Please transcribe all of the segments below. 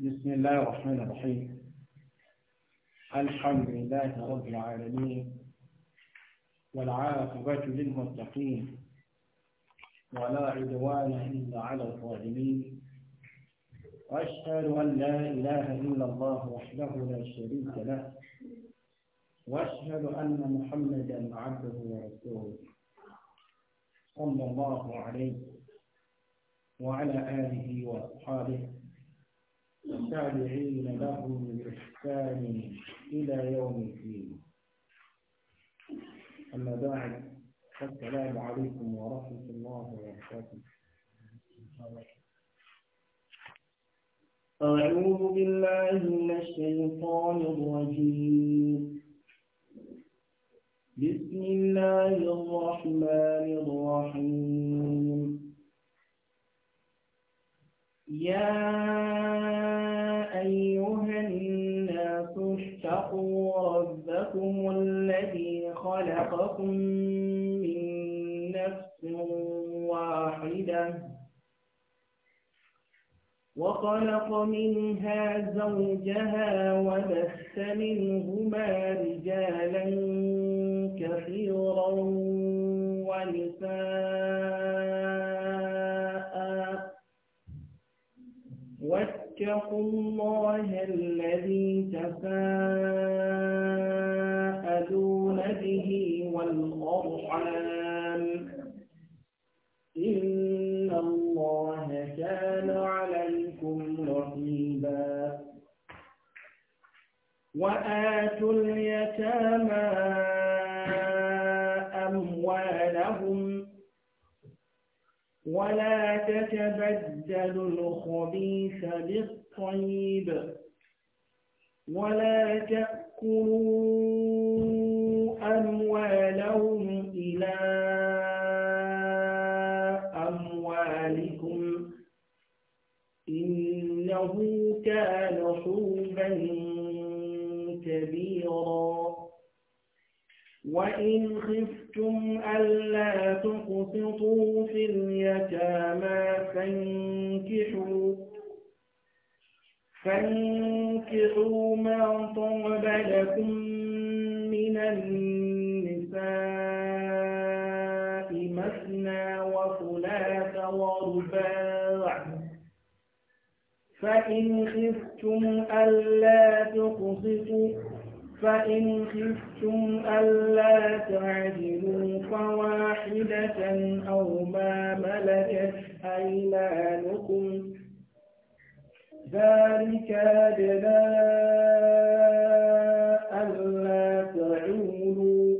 بسم الله الرحمن الرحيم الحمد لله رب العالمين والعاقبة للمتقين ولا عدوان إلا على الظالمين وأشهد أن لا إله إلا الله وحده لا شريك له وأشهد أن محمدا عبده ورسوله صلى الله عليه وعلى آله وأصحابه والتابعين لهم بإحسان إلى يوم الدين أما بعد السلام عليكم ورحمة الله وبركاته أعوذ بالله من الشيطان الرجيم بسم الله الرحمن الرحيم يا أيها الناس اشتقوا ربكم الذي خلقكم من نفس واحدة وخلق منها زوجها وبث منهما رجالا كثيرا ونساء واتقوا الله الذي تساءلون به والأرحام إن الله كان عليكم رقيبا وآتوا اليتامى أموالهم ولا تتبدل الخبيث بالطيب ولا تأكلوا أموالهم إلى أموالكم إنه كان حوبا كبيرا وإن خفتم ألا تقسطوا في اليتامى فانكحوا فانكحوا ما طاب لكم من النساء مثنى وثلاث ورباع فإن خفتم ألا تقسطوا فإن خفتم ألا تعدلوا فواحدة أو ما ملكت أيمانكم ذلك أدنى ألا تعولوا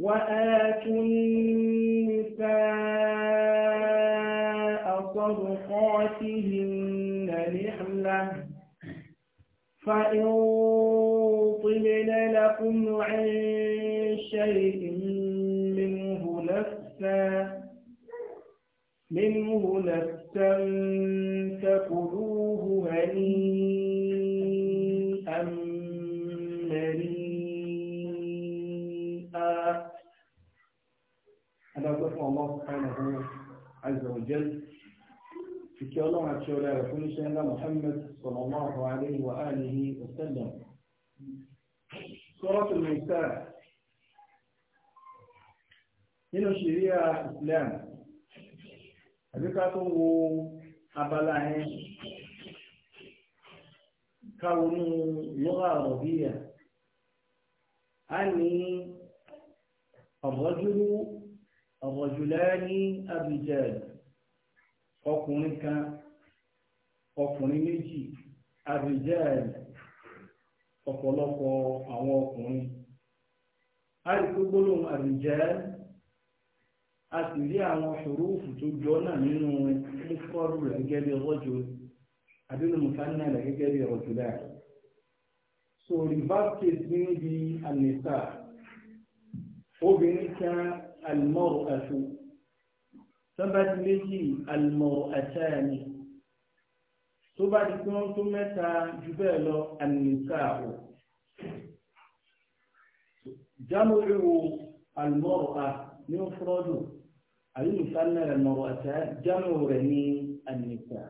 وآتوا النساء صدقاتهن نحلة فإن طبن لكم عن شيء منه نفسا منه نفسا تكلوه هنيئا مريئا هذا ذكر الله سبحانه عز وجل ìkẹ́ ọlọ́run àti ọ̀rẹ́ rẹ̀ fún iṣẹ́ ńlá Muhammad sallallahu alayhi wa alihi wa sallam. Suratul Nisa nínú ṣẹ̀ríà Islam àbí ká tó wo abala yẹn káwọnú lọ́wọ́ àrọ̀bíyà a ní ar-rajulu ar-rajulani ọkùnrin kan ọkùnrin méjì àbíjáàlì ọ̀pọ̀lọpọ̀ àwọn ọkùnrin àbíjáàlì a sì rí àwọn ṣòróòfù tó jọ náà nínú mufọ́rù rẹ̀ gẹ́gẹ́ bí rọ́jò àdínú mùsànnà rẹ̀ gẹ́gẹ́ bí rọ́jò dáa so reverse case níbi àmì sáà obìnrin kan àlùmọ́rù tó bá di méjì àlùmọ̀rọ̀ àti àyàní tó bá di pé wọ́n tó mẹ́ta jù bẹ́ẹ̀ lọ ànìsáàwò jámùrù àlùmọ̀rọ̀ à ní òfurọ́dù àbí nìkanná àlùmọ̀rọ̀ àti jámùrù rẹ̀ ní ànìsá.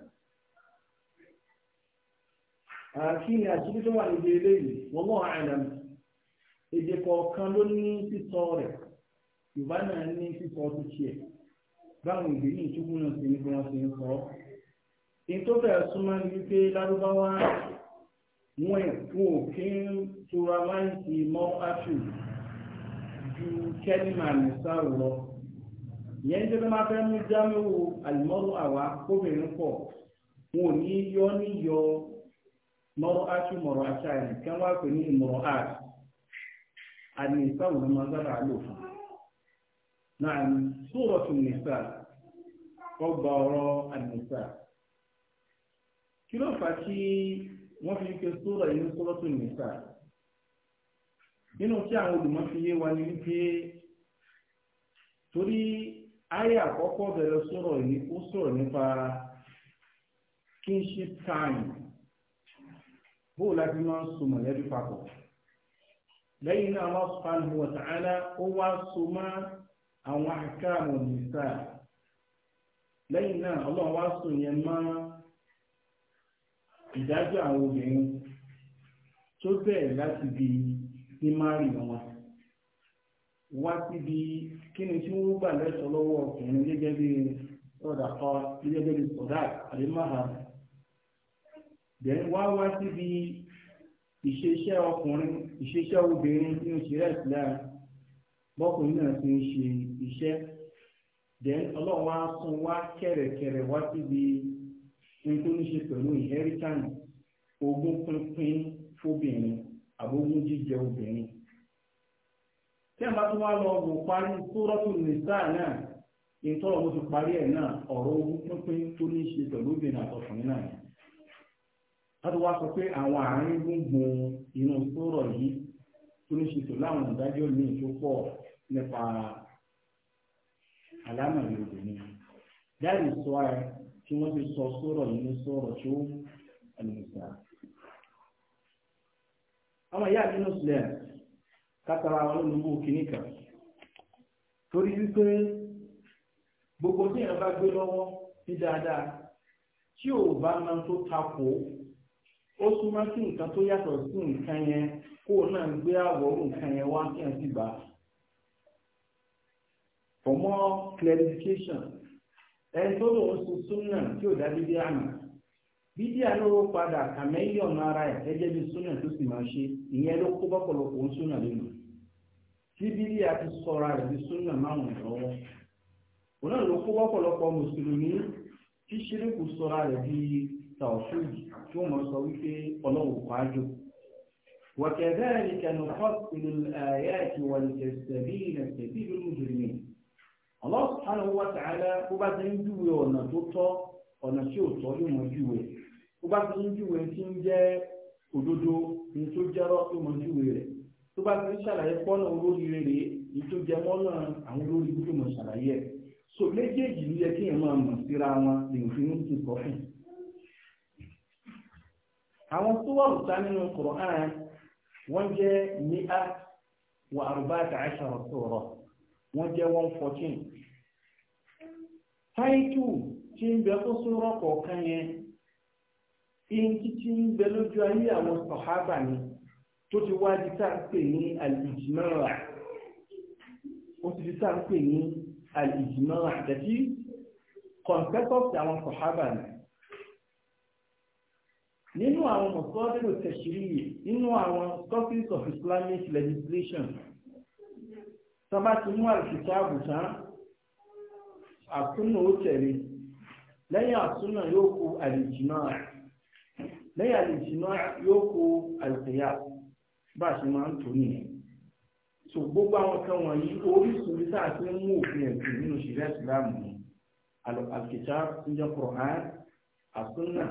àkí ni àṣírí tó wà níbi eléyìí wọ́n mọ̀ àìlànà èdè kọ̀ọ̀kan ló ní sísọ rẹ̀ yorùbá ní sísọ tó tiẹ̀. báwọn ìgbèrí ìtúkú náà ti ní bí wọ́n ń sọ. in tó fẹ́ súnmọ́ ní wípé lárúbáwá wọn èkó kí ń tura láìsí mọ́ áṣù ju kẹ́nìmà lọ. ìyẹn máa fẹ́ mú jámẹ́wò àlùmọ́rù àwa kóbìnrin pọ̀ wọn ò ní yọ áṣù mọ̀rọ̀ àṣà ẹ̀ kí wọ́n gba ọ̀rọ̀ àdìsá kí ló fà kí wọ́n fi pe sóra inú sọ́rọ́ tó nìsá nínú tí àwọn olùmọ̀ fi yé wa ni wípé torí ayé àkọ́kọ́ bẹ̀rẹ̀ sọ̀rọ̀ yìí ó sọ̀rọ̀ nípa kinship time bóò láti máa ń so mọ̀lẹ́bí papọ̀ lẹ́yìn náà Allah ó wá so mọ́ àwọn lẹ́yìn náà ọlọ́run wá sùn yẹn mọ́ ìdájọ́ àwọn obìnrin tó bẹ̀rẹ̀ láti bí ní márì wọn wá síbi kí ni tí wọ́n gbà lẹ́sọ̀ lọ́wọ́ ọkùnrin gẹ́gẹ́ bí ọ̀dà kọ gẹ́gẹ́ bí sọ̀dá àdémáhà wá wá síbi ìṣeṣẹ́ ọkùnrin ìṣeṣẹ́ obìnrin nínú ìṣẹ́rẹ́ ìsìlẹ̀ bọ́kùnrin náà ti ń ṣe iṣẹ́ then ọlọ́run wá sún wá kẹ̀rẹ̀kẹ̀rẹ̀ wá síbi ohun tó ní ṣe pẹ̀lú inheritance ogún pínpín fóbìnrin àbógún jíjẹ obìnrin. tí a bá tún wá lọ wò parí sórọ́tù nìsá náà a ti wá sọ pé àwọn àárín gbùngbùn inú sórọ̀ yìí tó ní ṣe pẹ̀lú àwọn ala yóò dé ní. dáàbì sọ tí wọ́n ti sọ sọ̀rọ̀ nínú sọ̀rọ̀ tó ẹnìmọ̀sá. ọmọ ìyá mi sílẹ̀ kátàrà wọn ló mú kan. torí wípé gbogbo tí èèyàn bá gbé lọ́wọ́ ní dáadáa tí ò bá máa tó takò ó súnmọ́ sí nǹkan tó yàtọ̀ sí nǹkan yẹn kó náà gbé àwọ̀ nǹkan yẹn wá kí for more clarification ẹni tó lòun ṣe súnà tí ò dá bíbí àná bíbí àná ó padà kàmẹ́yọ̀nù ara ẹ̀ ẹjẹ́ bí súnà tó sì máa ṣe ìyẹn ló kó bọ́pọ̀lọpọ̀ ń súnà lẹ́nu tí bíbí àti sọ̀ra rẹ̀ bí súnà máwùn lọ́wọ́ òun náà ló kó bọ́pọ̀lọpọ̀ mùsùlùmí tí ṣírìkù sọ̀ra rẹ̀ bí tàwọ̀fúùdì tí wọ́n máa sọ wípé ọlọ́wọ̀ pàájò وكذلك نفصل الآيات ولتستبين سبيل Allah subhanahu wa ta'ala bó bá ti ń júwe ọ̀nà tó tọ́ ọ̀nà tí ò tọ́ yóò mọ júwe bá ti ń júwe tí ń jẹ́ òdodo ní tó jẹ́rọ́ yóò mọ júwe rẹ̀ tó bá ti ń ṣàlàyé pọ́nà olóríire rèé ní tó jẹ mọ́nà àwọn olórí mọ ṣàlàyé so méjèèjì ló yẹ kí máa mọ̀ síra wọn ti fún àwọn tó wà nínú wọ́n jẹ́ wọ́n jẹ́ one fourteen táìtù tí ń bẹ fún súnrọ̀ kọ̀ọ̀kan yẹn ihun títí ń bẹ lójú ayé àwọn sọ̀hábà ni tó ti wá di tá à ń pè ní alìjìmọ́ra ó ti di tá à ń pè ní alìjìmọ́ra àtẹ̀tí kọ̀ǹpẹ́tọ̀sì àwọn sọ̀hábà ni nínú àwọn mọ̀sọ́dẹ́rù tẹ̀sírí nínú àwọn scottish of islamic legislation tán bá ti mú àlùfíṣà àbùtán àtúnà ó tẹ̀lé lẹ́yìn àtúnà yóò kó àlìjìnà lẹ́yìn àlìjìnà yóò kó àlùfíyà bá a ṣe máa ń tò nìyẹn so gbogbo àwọn kan wọ̀nyí orísun bí sáà mú òfin ẹ̀sìn nínú ṣẹlẹ̀ ìsìlámù ni àlùfíṣà ń jẹ́ Kùránì àtúnà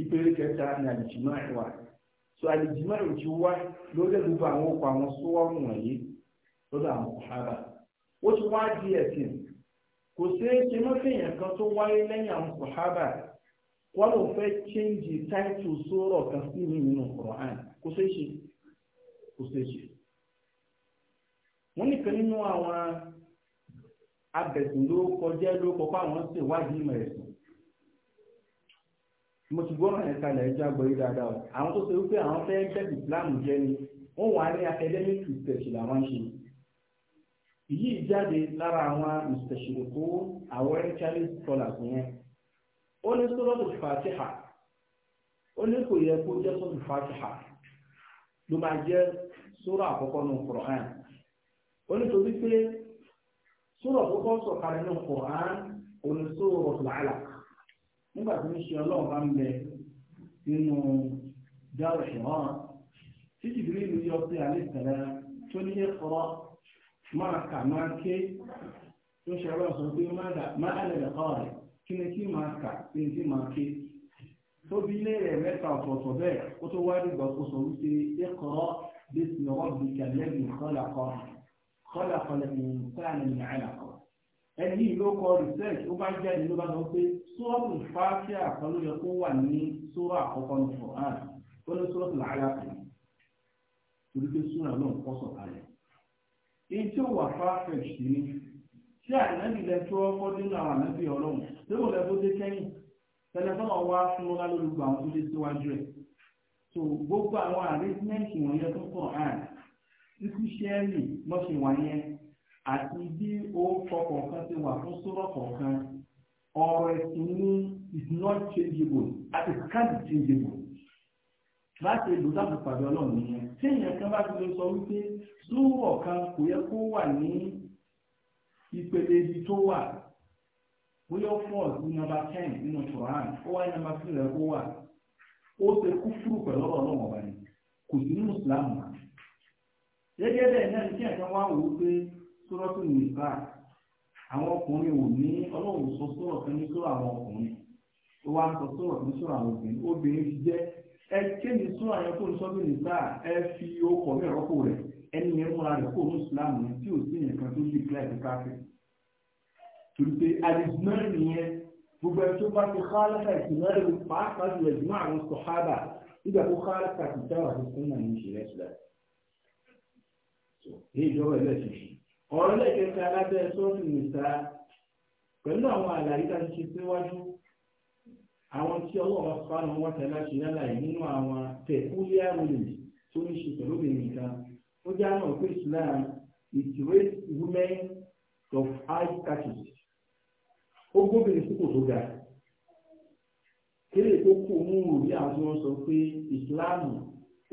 ìpele kẹta ní àlìjìnà wà so àlìjìnà yóò ti wá lórí ẹ̀dùnkọ̀ àwọn ọkọ̀ àwọn sówọ́ọ̀mù wọ̀nyí lọ́dọ̀ àwọn ọ̀hábà ó ti wá di ẹ̀sìn kò ṣeé ṣe mọ́fẹ̀yàn kan tó wáyé lẹ́yìn àwọn ọ̀hábà wọ́n lọ fẹ́ chíńjì táìtù sórọ̀ kan sí mi nínú Qur'an kò ṣeé ṣe kò ṣeé ṣe. wọ́n nìkan nínú àwọn abẹ̀sùn ló kọjá ló àwọn mo ti gbọ́ dáadáa àwọn tó ṣe wípé àwọn fẹ́ẹ́ bẹ́ẹ̀ islam jẹ́ ni wọ́n ní research làwọn ṣe èyí jáde lára àwọn mùsùlùmí àwọn charles scholars yẹn ó ní suratul fatiha ó ní kò yẹ kó jẹ́ suratul fatiha ló máa jẹ́ sura àkọ́kọ́ nù Qur'an ó ní torí pé sura àkọ́kọ́ sọ̀kalẹ̀ nù Qur'an ó ní suratul alaq nígbà tí wọ́n ṣe ọlọ́run ń bẹ nínú dáwọ̀ ṣùgbọ́n títí bí mi yọ sí alẹ́ sẹ́lẹ̀ tó ní ẹ̀kọ́ máa kà máa ké tó ṣe ọlọ́run sọ pé má àlẹ́lẹ̀ kọ́ rẹ̀ kí ni tí máa kà kí ni tí máa ké tó bí ilé rẹ̀ mẹ́ta ọ̀tọ̀ọ̀tọ̀ bẹ́ẹ̀ ó tó wáyé gbọ́ kó sọ wípé ẹ̀kọ́ bí ti ọwọ́ bí kàlẹ́bì kọ́lákọ́ kọ́lákọ́ lẹ́yìn sáànà ní àlàkọ́ ẹni yìí ló kọ ó bá jáde ló bá sọ pé sọ́ọ̀tù fáfíà kan yẹ kó wà ní sọ́ọ̀ àkọ́kọ́ ní fọ́ọ̀án ó ní sọ́ọ̀tù làálàkọ́ torí pé súnà náà kọ́ sọ̀kalẹ̀ èyí tí ó wà perfect ní tí ànábì lẹ tó ọkọ dé náà ànábì ọlọ́run tí kò lẹ tó dé kẹ́yìn tẹlifọ́nà wa fún ọlá lórúkọ àwọn tó dé síwájú ẹ̀ so gbogbo àwọn arrangement wọ̀nyẹn tó kọ̀ hàn títí sẹ́ẹ̀lì lọ́sẹ̀ wọ̀nyẹn àti bí ó kọkọ̀ kan ti wà fún sọ́rọ̀ kọ̀ọ̀kan ọ̀rọ̀ ẹ̀sìn ní is not changeable at it can't changeable. láti edo láti pàdé ọlọ́run nìyẹn tí èèyàn kan bá ti lè sọ wípé zúwọ̀ kan kò yẹ kó wà ní ìpele ibi tó wà bóyá fọ́ọ̀s ní nọ́mbà ten nínú Quran ó wáyé three Islam wa. gẹ́gẹ́ bẹ́ẹ̀ náà wá wò ó pé sọ́rọ́tù àwọn ọkùnrin ò ní ọlọ́run sọ sọ́rọ̀ àwọn ọkùnrin ẹ kéde sún àyẹ̀ kó sọ́dún nìgbà ẹ fi okọ̀ mi rọ́pò rẹ̀ ẹni yẹn múra rẹ̀ kó ní islam ní tí ò sí nìkan tó di kílẹ̀ ní káfíń. torí pé alìsímẹ́rì nìyẹn gbogbo ẹ tó bá ti kálàkà ìsìmẹ́rì pàápàá jùlọ ìgbìmọ̀ àwọn sọ̀hábà nígbà tó kálàkà ti dáwà tó fún náà ní ìṣẹ̀lẹ̀ ìṣẹ̀lẹ̀. èyí ìjọba ẹ̀ lẹ́sìn ọ̀rọ̀ àwọn tí ọlọ́ọ̀bá fáwọn wọn tẹ̀ láti yálà yìí nínú àwọn peculiar rules tó ní ṣe pẹ̀lú obìnrin kan ó jẹ́ àwọn òpin Islam is raised women of high status ó gbóbìnrin sípò tó ga kéré tó kù mú òbí àwọn tí wọ́n sọ pé Islam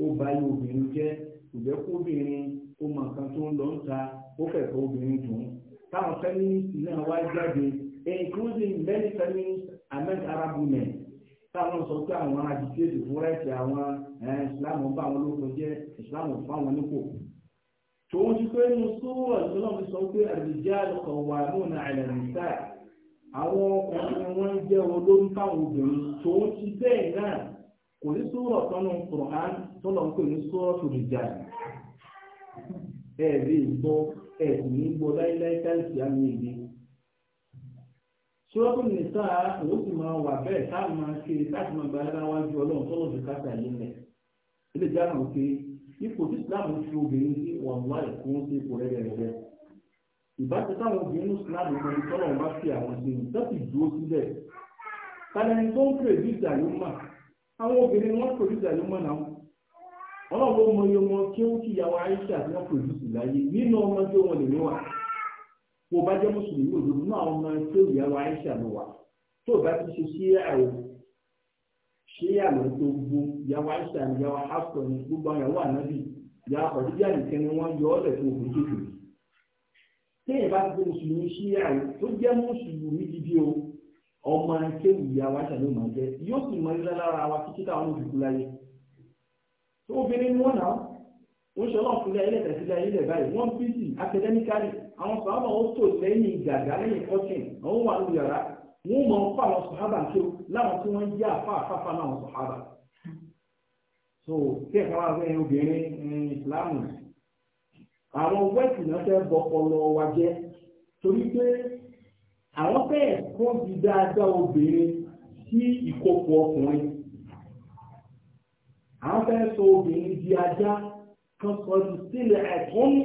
ó ba ayé obìnrin jẹ́ kò jẹ́ kó obìnrin ó mọ nǹkan tó ń lọ ń ta ó fẹ̀fẹ̀ obìnrin dùn táwọn feminists náà wá jáde including many feminists amẹ́ríkà arab women táwọn sọ pé àwọn agitate fún rẹ́ẹ̀tì àwọn ìsìláàmù bá àwọn olóko jẹ́ ìsìláàmù fún àwọn nípò tòun ti pé nínú sóòwò ìsìláàmù sọ pé àdìjá lọkọ̀ wà lónà àìlànìsá àwọn ọkùnrin wọn jẹ́ olórí fáwọn obìnrin tòun ti bẹ́ẹ̀ náà kò ní sóòwò tọ́nu kùrọ̀án tó lọ pé ní sóòwò tó ẹ̀ẹ́dì gbọ́ ẹ̀ẹ́dì ní gbọ́ láíláí káyìí àmì ìdí sọ́ọ́bù nìta òun sì máa wà bẹ́ẹ̀ táwọn máa ṣe láti máa ara wájú ọlọ́run tọ́lọ̀ fi káta yìí lẹ̀ ilé ìjánu pé ipò tí islam fi obìnrin sí wàhálà ìkún sí ipò rẹ̀ rẹ̀ ìbáṣe táwọn obìnrin kan bá fi àwọn ní tẹ́sí dúró sílẹ̀ kálẹ́ni tó ń ìdàlúmà àwọn obìnrin wọn ìdàlúmà náà ọlọ́run ló mọ iye wọn kí kí ìyàwó tó bá jẹ́ mùsùlùmí òdodo náà ọmọ tí ó yẹ wa aisha ló wà tó bá ti ṣe ṣíyà o ṣíyà ló tó gbó yàwó aisha ni yàwó hafsọ ni gbogbo àwọn ànábì yàwó àdúgbò nìkan ni wọ́n yọ ọ́ lẹ̀ fún òkú kékeré téèyàn bá ti ṣe mùsùlùmí ṣíyà o tó jẹ́ mùsùlùmí gidi o ọmọ akéwì yàwó aisha ló máa jẹ yóò sì mọ ilé lára wa títí táwọn òkú wọn náà wọn ṣe ilẹ̀ tẹ̀sílẹ̀ ilẹ̀ báyìí wọ́n bísí akadẹ́míkálì àwọn sàhábà ó tò lẹ́yìn gàgà lẹ́yìn kọ́tìn àwọn wà lórí yàrá wọn ò mọ̀ ń fa àwọn sàhábà tó láwọn tí wọ́n jẹ́ àfa àfáfá láwọn sàhábà. so kí ẹ̀ka wá fẹ́ obìnrin ìsìláàmù àwọn wẹ́ẹ̀tì náà fẹ́ bọ ọlọ wa jẹ́ torí pé àwọn fẹ́ẹ̀ kó di dáadáa obìnrin sí ìkókò ọkùnrin àwọn fẹ́ẹ̀ sọ obìnrin di ajá kan sọ ju sílẹ̀ ẹ̀kọ́ ní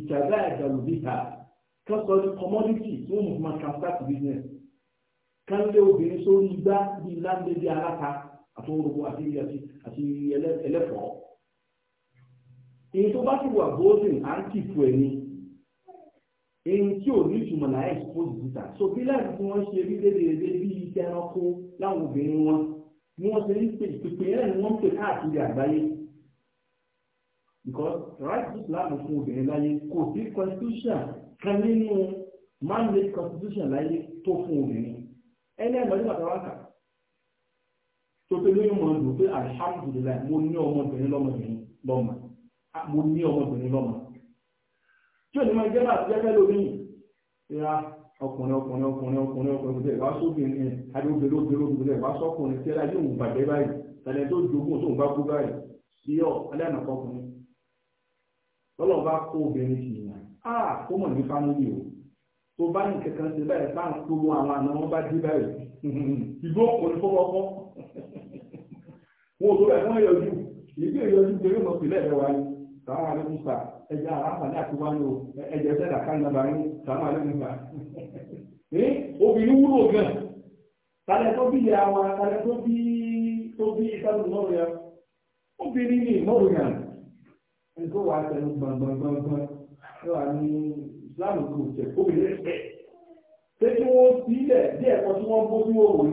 ìṣàgá ẹ̀dàlù bíta kan sọ ní commodity tí wọ́n mú ma transact business kan lé obìnrin sórí igbá bí láńdéjì aláta àti orogbo àti àti ẹlẹ́fọ̀ọ́. èyí tó bá ti wà bóódìn à ń kìfù ẹ̀ ni èyí tí ò ní ìtumọ̀ náà expose bíta so bí láti tí wọ́n ṣe rí déédéé bí iṣẹ́ ẹranko láwọn obìnrin wọn ni wọ́n ṣe ń pè pèpè yẹn ni wọ́n ń pè káàkiri àgbáyé because right to Islam fún obìnrin láyé kò sí constitution kan nínú man-made constitution láyé tó fún obìnrin ẹni ẹ̀mọ́ nígbà táwọn kà tó pé lóyún mọ̀ lò pé alhamdulilayi mo ní ọmọbìnrin lọ́mọbìnrin lọ́mọ mo ní ọmọbìnrin lọ́mọ tí ò ní máa jẹ́ bá àti jẹ́fẹ́ lórí ìra ọkùnrin ọkùnrin ọkùnrin ọkùnrin ọkùnrin kò tẹ̀ wá sóbìnrin adé obìnrin obìnrin obìnrin kò tẹ̀ wá sọkùnrin tí ẹ láyé òun bàjẹ́ báyìí tẹ̀lé tó jogún tó ń bá kú báyìí sí ọ alẹ́ àná kọkùnrin lọ́lọ́ bá kó obìnrin sí ìyàn á kó mọ̀ ní fámìlì o tó bá ní kankan ṣe báyìí bá ń kúrò àwọn àna wọn bá dé báyìí ìlú òkò ní fọwọ́fọ́ wọn ò tó bẹ̀ wọ́n yọjú torí wáyé sàmà àti wáyé o dàkà ní sàmà obìnrin wúlò gan tó bí ìyá wa tó bí tó bí ẹgbẹ́ wa tẹnu gbọ̀ngbọ̀ngbọ̀ngbọ̀n ló wà ní islam kò jẹ́ kó mi lẹ́sẹ̀ pé kí wọ́n sílẹ̀ bí ẹ̀kọ́ tí wọ́n bó sí òwe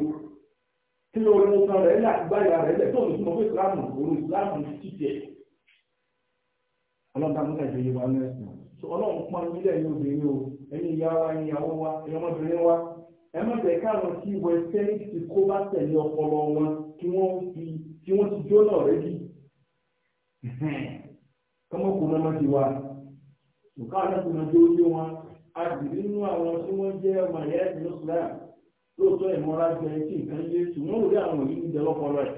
kí ló rí nǹkan rẹ̀ ní àgbáyà rẹ̀ lẹ̀ tó ní sọ pé islam òru islam ti tẹ̀ ọlọ́dà mọ́tà ìdíyẹ wa ní ẹ̀sìn ọlọ́run pọn nílẹ̀ ní obìnrin o ẹni ìyá wa ẹni ìyàwó wa ẹni ọmọbìnrin wa ẹ má bẹ̀ káàrọ̀ tí wẹ́sẹ̀ ti kó bá tẹ̀lé ọpọlọ wọn kí wọ́n ti jóná rẹ̀ bí kọ́mọ́ kò mọ́mọ́ ti wá nǹkan àtàkùnrin tó yé wọn a sì nínú àwọn tí wọ́n jẹ́ ọmọ ẹ̀yà ẹ̀sìn islam lóòótọ́ ìmọ̀ra jẹ tí nǹkan yé ṣùgbọ́n òde àwọn yìí ń jẹ lọ́pọlọ ẹ̀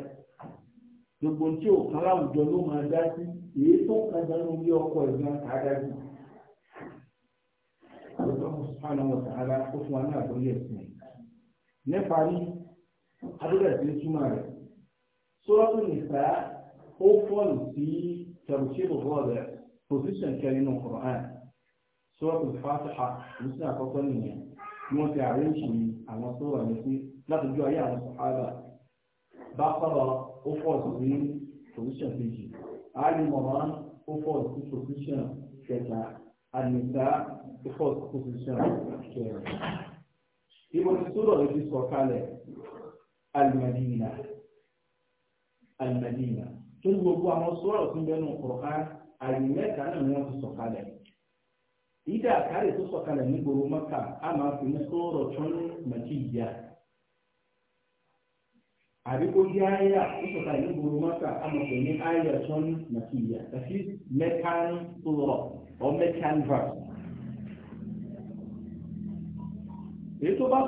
gbogbo tí ò kan láwùjọ ló máa dá sí èyí tó kan dánú bí ọkọ ìgbọ́n àádájú. àlùfáà sùpánà wọn sàárà ó fún wa ní àgbọ́yé ẹ̀sìn nípa ní adúlẹ̀ tí ń túmọ̀ rẹ̀ sọ́ọ́tún nìta ó fọ́ọ̀lù sí ترتيب الرابع خصوصا كريم القرآن سورة الفاتحة مثل قطنية موسى عريشي على سورة التي نقل جوا على الصحابة بقرة أفوز من خصوصا فيجي آل مران أفوز خصوصا كتا النساء أفوز خصوصا كتا إذن السورة التي سوكالة المدينة المدينة torí gbogbo àwọn sọ́ọ̀rọ̀ tó ń bẹ́nu àyè mẹ́ta náà ni wọ́n ti ìdá àkàrẹ̀ tó ní mọ́ta a máa fi ní sọ́ọ̀rọ̀ tún màkì ìyá àbíkó jẹ́ àyà tó sọ̀kalẹ̀ ní gbòòrò mọ́ta a máa fi ní àyà tún màkì ìyá àti mẹ́kan sọ̀rọ̀ ọ mẹ́kan verse. èyí tó bá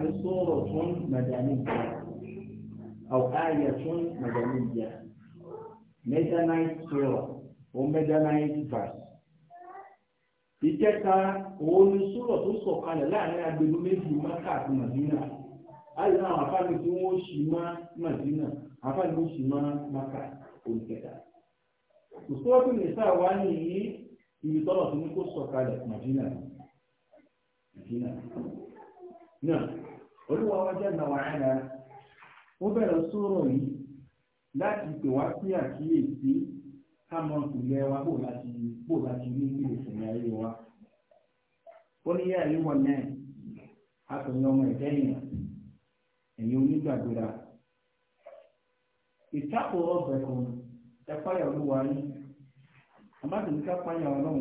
ní nìyẹn a أو آية مدنية Mennonite prayer or Mennonite verse. Ìkẹta òun ni sùúrọ̀ tó sọ̀kalẹ̀ láàrin agbègbè méjì Mákà maka Màdínà. Láti náà àwọn afáàmì tí wọ́n ṣì má Màdínà, afáàmì tó ṣì má Mákà olùkẹta. wa ibi tọ́lọ̀ tó ní kó sọ̀kalẹ̀ Màdínà. Màdínà. Náà, olúwa wájà ó bẹ̀rẹ̀ sọ̀rọ̀ yìí láti pè wá sí àkíyèsí ká mọ ìpìlẹ̀ wa bò láti bò láti rí ní ìsinmi ayé wa. ó ní yáà yíwọ náà akọ̀yìn ọmọ ẹ̀dẹ́ èèyàn ẹ̀yìn onígbàgbéra. ìtakùn ọbẹ̀ kan ẹ̀fáyà olúwa yín àbádùnúkà fáyà ọlọ́run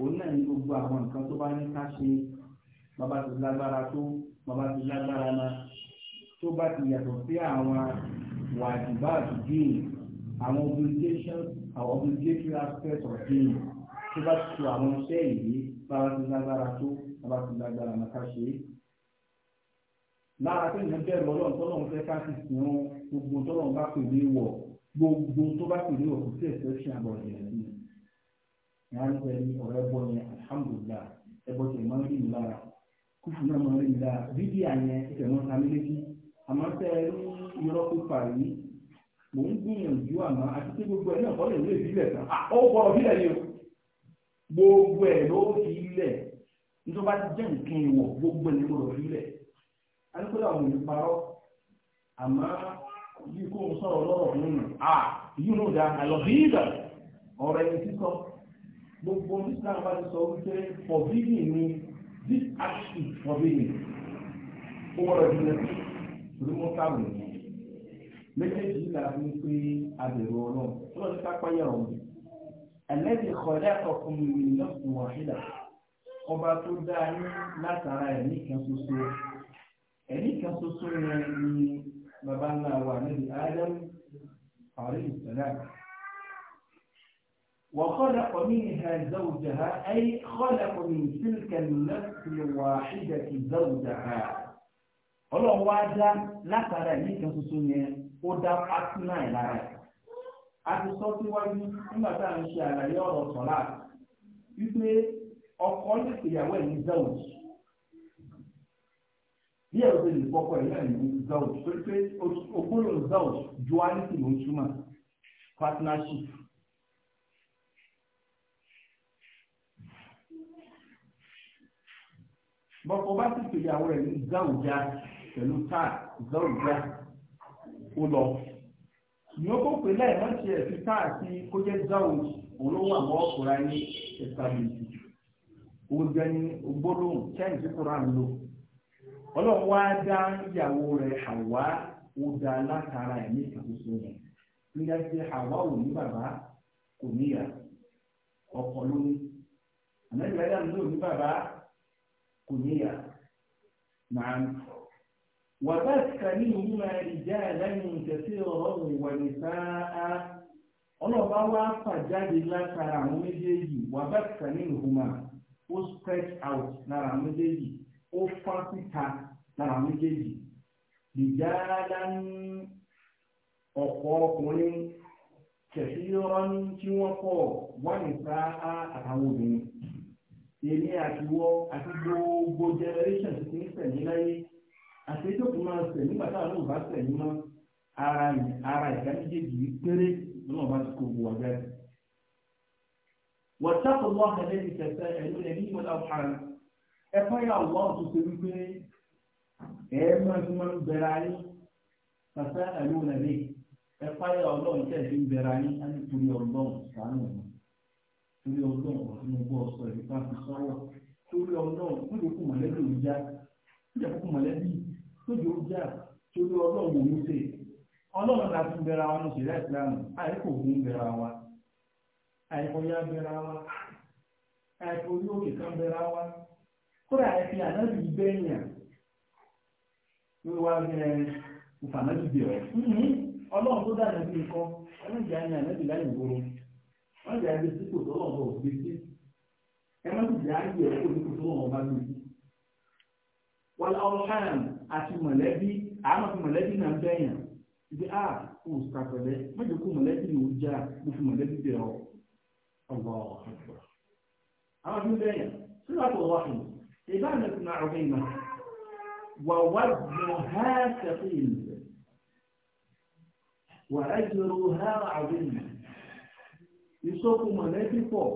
òun náà ní gbogbo àwọn nǹkan tó bá ní ká ṣe bàbá ti lágbára tó bàbá ti lágbára náà tó bá ti yàtọ̀ sí àwọn wàjúbà àtúndì àwọn obligations àwọn obligatory aspects of being tó bá ti tu àwọn iṣẹ́ yìí bára ti lágbára tó bára ti lágbára nàka ṣe é. lára pé ìyẹn bẹ́ẹ̀ lọ́lọ́run tọ́lọ́run fẹ́ ká sì sìn ọ́n gbogbo tọ́lọ́run bá pè ní wọ̀ gbogbo tó bá pè ní wọ̀ kò sí exception àbọ̀ ìyẹn sí i. ìyá ń pẹ́ ní ọ̀rẹ́ bọ́ yẹn alhamdulillah ẹ̀bọ̀ tẹ̀ máa ń rí mi lára kúfù náà máa ń rí mi lára bíbí àyẹn tẹ̀ ta mí létí àmọ́ tẹ́ ẹ ní irọ́ pípa yìí mò ń gbìyànjú àmọ́ àti pé gbogbo ẹ̀ náà kọ́ lè lè tán ó ni o gbogbo ẹ̀ ló fi ilẹ̀ nítorí bá jẹ́ nǹkan ìwọ̀ gbogbo ẹ̀ ló gbọ́dọ̀ fi ilẹ̀ parọ́ àmọ́ kò ń sọ̀rọ̀ lọ́rọ̀ à yìí ló àlọ́ bí ẹni sísọ gbogbo Islam bá ti sọ wípé lómọ káàmù méjèèjì yìí la fi ń pé abẹ̀rù ọlọ́run tó lọ sí kápá ọ̀hún mi ẹlẹ́bi kọjá ọkùnrin mi ní lọ́sùn wàhídà ọba tó dá yín látara ẹ̀mí kan ṣoṣo ẹ̀mí kan ṣoṣo yẹn ni bàbá ńlá wa níbi ádámù ọ̀rẹ́ ìsẹ̀lẹ̀. kọ́lẹ̀ kọ́lẹ̀ kọ́ mí ní ha وخلق منها زوجها أي خلق من تلك النفس الواحدة ha. ọlọ́run wá dá látara ẹ̀mí kan tuntun yẹn ó dá pátínà ẹ̀ lára ẹ̀ a ti sọ síwájú nígbà tá à ń ṣe àlàyé ọ̀rọ̀ sọ̀lá wípé ọkọ lè pèyàwó ẹ̀ ní bí ẹ̀rọ lè ẹ̀ ní pé ògbólò ló ń túmọ̀ partnership. bá ti pẹ̀lú táì zọ́ọ̀gbà ó lọ yóò kó pè lẹ́ẹ̀ láti ẹ̀fí káàkiri kó jẹ́ zaud olówó àmọ́ ọkùnrin ní ẹ̀sàbìlì oúnjẹ ní gbólóhùn kẹ́yìn tí kúrò ń lò ọlọ́run wá dá ìyàwó rẹ̀ Hawa ó dá látara ẹ̀mí ìṣàkóso yẹn nígbà tí Hawa ò ní bàbá kò níyà ló ní ló ní bàbá kò níyà وبث منهما رجالا كثيرا ونساء ọlọ́ba wa fàjáde látara àwọn méjèèjì wà bá kàní ìhùmà ó spread out lára àwọn méjèèjì ó fọ́n síta lára àwọn méjèèjì ìjáàdá ń ọ̀pọ̀ ọkùnrin kẹ̀síọ́rọ́n tí wọ́n pọ̀ wọ́n nípa àtàwọn obìnrin èmi àtiwọ́ àti gbogbo generation ti ń tẹ̀lé láyé àtẹjọ́ kò máa sẹ̀ nígbà táwọn náà bá sẹ̀ ní mọ́ ara ara ìka méjèèjì yìí péré lọ́nà bá ti kó gbogbo ọ̀gá rẹ̀. wọ́tápọ̀ wọ́n kẹ́lẹ́ ní kẹsẹ́ ẹ̀lú ẹ̀ ní ìmọ̀lá ọ̀hán ẹ fọ́yà wọ́n tó wípé ẹ máa fi máa ń bẹ̀rẹ̀ ayé kẹsẹ́ ẹ̀lú ẹ̀ ẹ fọ́yà ọlọ́run tẹ̀ fi ń bẹ̀rẹ̀ ayé á torí ọlọ́run sàánù mi torí ọlọ́run ọ̀sán ọgbọ́ ọ̀sọ̀ ìfipá tóbi ó a torí ọlọ́run òun ṣe ọlọ́run la fi bẹ̀rẹ̀ àwọn ìṣẹ̀lẹ̀ ìsìlámù àìkò òun bẹ̀rẹ̀ wa àìkò ya bẹ̀rẹ̀ wa àìkò orí òkè kan bẹ̀rẹ̀ wa kódà àìfi ànábì bẹ́ẹ̀yà ló wá ní ẹ ìfànábì bẹ̀rẹ̀ ọlọ́run tó dára sí nǹkan ọlọ́run jẹ́ àyàn ànábì láyìn ìgboro wọ́n sípò tó gbé sí ẹ má sì jẹ́ wọ́n ọ̀hán àti mọ̀lẹ́bí àmọ́ fi mọ̀lẹ́bí ibi a ah, kò sàpẹ̀lẹ́ mọ́jọ kó mọ̀lẹ́bí ha ó já dị fi mọ̀lẹ́bí bẹ̀ ọ́ ọ̀gbọ̀n ọ̀hánfọ̀ àwọn fi bẹ̀yàn sílá tó ha ìbá mi fi máa ha náà wà wá bọ̀ ha kẹfì ìlú wà á jẹrò há ọ̀gbìn náà ìsọ́kù mọ̀lẹ́bí pọ̀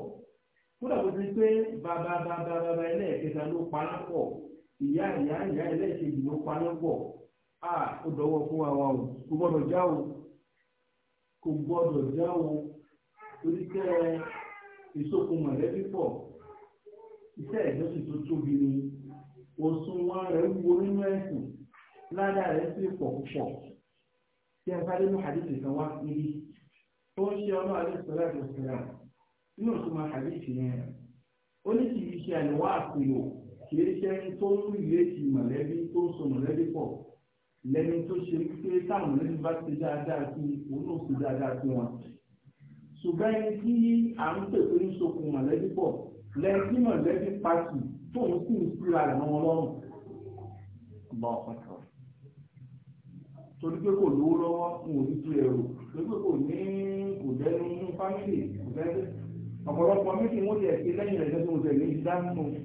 kódà kó ti pé bàbá bàbá bàbá ẹlẹ́ẹ̀kẹta ló ìyá ìyá ìyá ẹlẹ́ẹ̀kejì ló paná pọ̀ á ó fún wa wa o kò gbọ́dọ̀ já o kò gbọ́dọ̀ já o torí osu ìsokùn mọ̀lẹ́bí pọ̀ iṣẹ́ ìjọsìn tó tóbi ni òṣùwọ̀n rẹ̀ wúwo nínú ẹ̀sìn ládà rẹ̀ sì pọ̀ púpọ̀ tí a sáré ní wá tó ń ṣe kìí ṣe ẹni tó ń rìlẹ́tì mọ̀lẹ́bí tó ń so mọ̀lẹ́bí pọ̀ lẹ́ni tó ṣe wípé táwọn mọ̀lẹ́bí bá ṣe dáadáa sí òun náà ṣe dáadáa sí wọn. ṣùgbọ́n ẹni tí à ń pè pé ń sokùn mọ̀lẹ́bí pọ̀ lẹ́ni tí mọ̀lẹ́bí pàṣì tóun sì ń síra rẹ̀ mọ́ wọn lọ́rùn. ọba ọ̀pọ̀tọ̀ torí pé kò lówó lọ́wọ́ n ò ní torí pé kò ní kò dẹnu fámìlì kò dẹnu ọ̀pọ̀lọpọ̀ mí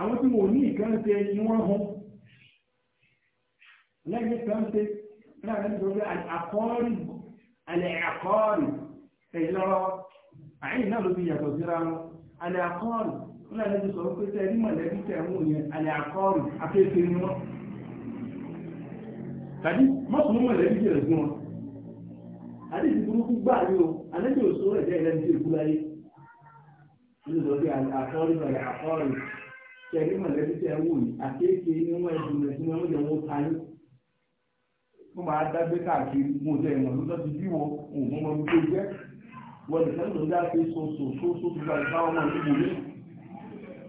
àwọn tí wọ́n ní ìkánṣe ni wọ́n hàn lẹ́yìn ìkánṣe láàrin ìjọba àkọ́ọ̀rì alẹ́ àkọ́ọ̀rì ẹ̀yìnlọ́rọ́ àyìn náà ló fi yàtọ̀ síra wọn alẹ́ àkọ́ọ̀rì láàrin ìjọba sọ̀rọ̀ pé tẹ́ ní mọ̀lẹ́bí tẹ̀mú yẹn alẹ́ àkọ́ọ̀rì afẹ́fẹ́ ni wọ́n tàbí mọ́sùn mọ̀lẹ́bí jẹ̀rẹ̀ sí wọn àdéhì burúkú gbà ní o àlejò òṣòro ẹ̀jẹ̀ ìlẹ́ni tí èkú láyé nínú ìjọba àkọ́ọ̀rì alẹ́ àkọ́ọ̀rì kẹrí mọ̀lẹ́bí tẹ wò ní àkéèké ní wọ́n ẹ̀dùn rẹ̀ tí wọ́n yẹ wọ́n ta yín. wọ́n máa dágbé káàkiri mo jẹ ìwọ̀n lọ́jọ́ ti bí wọn òun mọ́ ọmọ tó jẹ́ wọ́n lè fẹ́ lọ́dá pé soso soso ti gba ìfá ọmọ ìlú mi.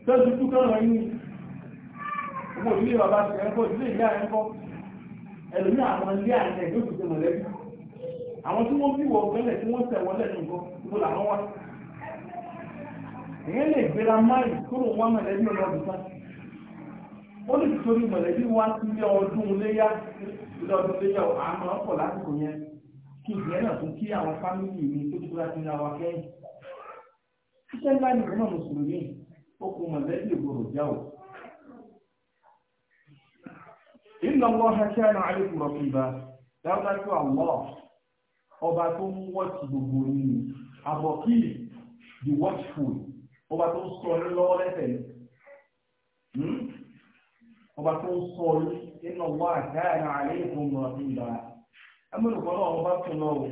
tẹ́sí túkọ́ lọ inú ọmọ ìdílé bàbá ti ẹ̀ ń kọ́ ìdílé ìyá ẹ̀ ń àwọn ilé àtẹ̀ yóò fi mọ̀lẹ́bí àwọn tí wọ́n bí wọ èyàn lè gbéra máìlì kúrò wọn mọ̀lẹ́bí ọlọ́dún kan ó lè torí mọ̀lẹ́bí wá sílé ọdún léyà sílé ọdún léyà àmọ́ ọ̀pọ̀ lásìkò yẹn kí ìgbẹ́ náà tún kí àwọn fámìlì mi tó kúra sí ra wa iṣẹ́ ńlá ni ìrìnà mùsùlùmí ó mọ̀lẹ́bí ìgbòrò já o ìlọ wọ́n ha àná àlékún rọ̀kùn dáwọ́dájú àwọn ọba tó ń wọ́ọ̀tì gbogbo yìí àbọ̀kí the watchful ọba tó ń sọ ọ lọ́wọ́ lẹ́sẹ̀ hmm? ọba tó ń sọ ọ iná wà dáadáa àlẹ́ ìfún ọmọ ìlà amúnukọ́ náà ọba tó lọ o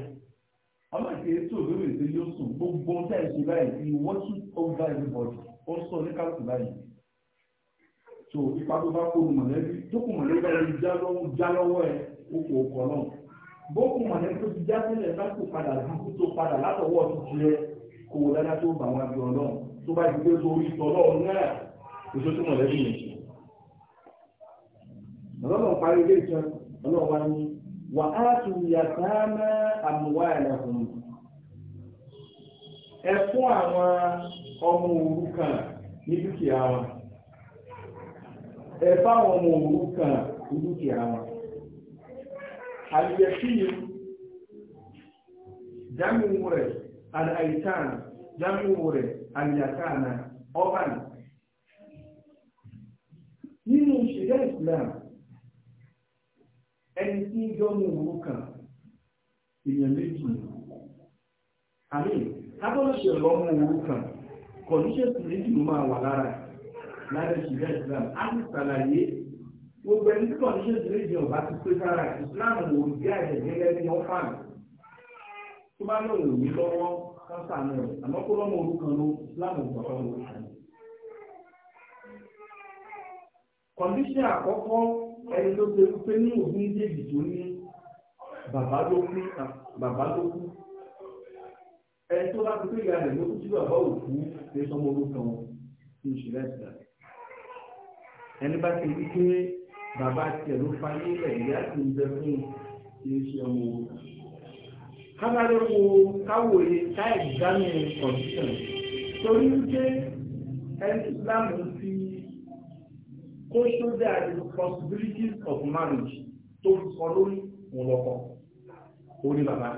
ọmọ ìṣe tó lórí ètò yóò sùn gbogbo ń tẹ̀sí báyìí ti wọ́tí over everybody ó ń sọ ní káàkiri báyìí so ipa tó bá kó mọ̀lẹ́bí tó kó mọ̀lẹ́bí báyìí já lọ́wọ́ ẹ̀ ó kò kọ́ náà bókun mọ̀lẹ́ tó ti já sílẹ̀ bá padà lákòótó padà látọwọ́ tuntun yẹ kó o dáadáa tó bá wọn àbí ọlọ́run tó bá ti pé torí tọ́lọ́ náà oṣù tó mọ̀lẹ́bí yẹn ṣe. ọlọ́run parí ilé ìtàn ọlọ́run wa ní wà á tún yàtá mọ́ àmúwá ẹ̀lẹ́kùn. ẹ fún àwọn ọmọ òrukàn ní dúkìá wọn ẹ fáwọn ọmọ òrukàn ní dúkìá wọn. àyẹ̀kí dámìwò rẹ̀ àdáìtàn dámìwò rẹ̀ àlìyàkáàna ọ́bàn nínú ìṣẹ̀lẹ̀ Islam ẹni tí ń jọ́mú òwú kan èèyàn méjì àmì abọ́lọ́ṣẹ̀ lọ́mú òwú kan kọ̀díṣẹ́sì méjì ló máa lára lára ìṣẹ̀lẹ̀ Islam gbogbo ẹni tí kọ̀díṣẹ́sì méjì ti pé sára Islam ò rí àjẹjẹrẹ ní tó káńsà náà àmọ́ kó lọ́mọ orúkan ló láàmú bàbá wọn àná. kọ̀ǹdíṣìn àkọ́kọ́ ẹni tó ṣe pé ní òbí méjèèjì tó ní bàbá ló kú bàbá ló kú ẹni tó bá ti pé ìyá rẹ̀ ló kú sí bàbá òkú lè sọmọ orúkan wọn ní ìṣẹ̀lẹ̀ ìṣẹ̀lẹ̀ ẹni bá ti rí pé bàbá tiẹ̀ ló fayé lẹ̀ ìyá ti ń bẹ fún iṣẹ́ ọmọ orúkan kábàlẹ̀ wo káwòye káì dámì condition torí wípé ẹni ìsìlámù fi kó tó dé àti possibilities of marriage tó sọ lórí wọn lọ́kọ orí bàbá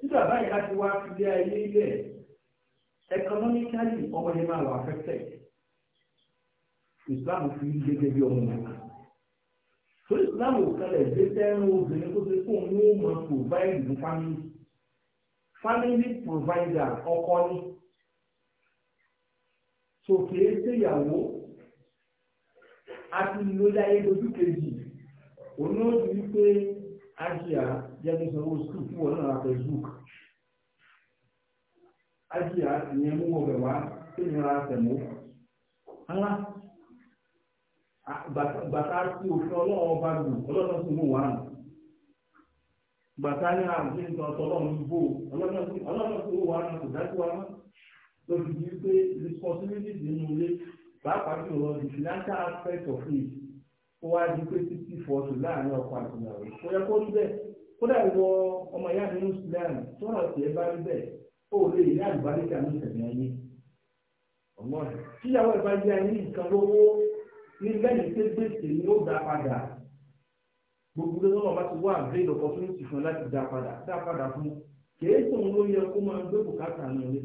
tí bàbá yìí láti wá fi lé ayé ilẹ̀ economically ọmọ yẹn máa wà affected Islam fi gẹ́gẹ́ bí ọmọ yẹn tó ìsìláàmù kẹlẹ̀ dé tẹ́nu obìnrin tó ṣe fún òun ó mọ provide ní family family provider ọkọ ni so kìí ṣèyàwó àti lóláyé lójú kejì òun ó di wípé ajíà jẹ́bi sanwó sùkúl fún wọn náà facebook ajíà ìyẹn mú wọn bẹ̀ wá tó nira tẹ̀mọ́ bàtà sí òfin ọlọ́run ọba lò ọlọ́run sì mú wàhán bàtà ní àrùn tí ń tọ́ ọlọ́run bò ọlọ́run sì mú wàhán kò dájú wa mọ́ lórí ti pé responsibilities nínú ilé pàápàá jù lọ the financial aspect of it ó wá di pé sixty forty láàrin ọkọ àti ìyàwó ó yẹ kó rí bẹ́ẹ̀ kódà ìwọ ọmọ ìyá mi ní sudan tọ́nà tiẹ̀ bá rí bẹ́ẹ̀ ó lè ní àdìbálẹ̀ kí a ní ìtẹ̀lé ayé ọ̀gbọ́n tíyàwó ẹ̀ bá yé ayé nǹkan lówó ní lẹ́yìn pé gbèsè ni ó dá padà gbogbo lọ́wọ́ bá ti wá àgbélò opportunity fún láti dá padà dá padà fún kìí sòun ló yẹ kó máa gbé bùkátà ní ilé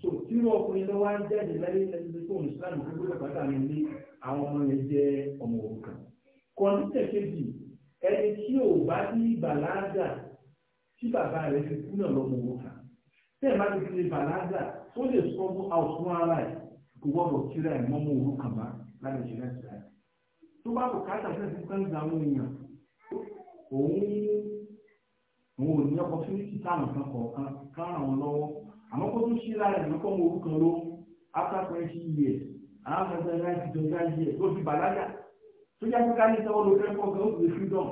so tí wọn ọkùnrin lọ wá ń jáde láyé lẹ́yìn tó ń sáré gbogbo bùkátà ní ilé àwọn ọmọ yẹn jẹ́ ọmọ òrukàn kọ́ńtẹ̀ kejì ẹni tí ò bá ní bàlágà tí bàbá rẹ̀ fi kú náà lọ́mọ òrukàn tẹ́ẹ̀ bá ti fi bàlágà ó lè sọ fún àwọn fún ara ẹ̀ kò gbọ́dọ̀ kíra ẹ̀ mọ́mọ́ òrukàn máa lábẹ́ ìṣẹ̀lẹ̀ ìṣẹ̀lẹ̀ tó bá kò káàtà sí ẹ̀sìn pẹ́ńsì àwọn èèyàn òun òun ò ní opportunity táwọn kan kọ̀ọ̀kan káràn wọn lọ́wọ́ àmọ́ kó tún ṣí lára ìlú kọ́ mọ orúkọ ló after twenty years àwọn ọmọ ẹgbẹ́ láti tó dá yẹ ló fi bàlágà tó yá kó káyé sẹ́wọ́n ló fẹ́ kọ́ gan ó ti lè freedom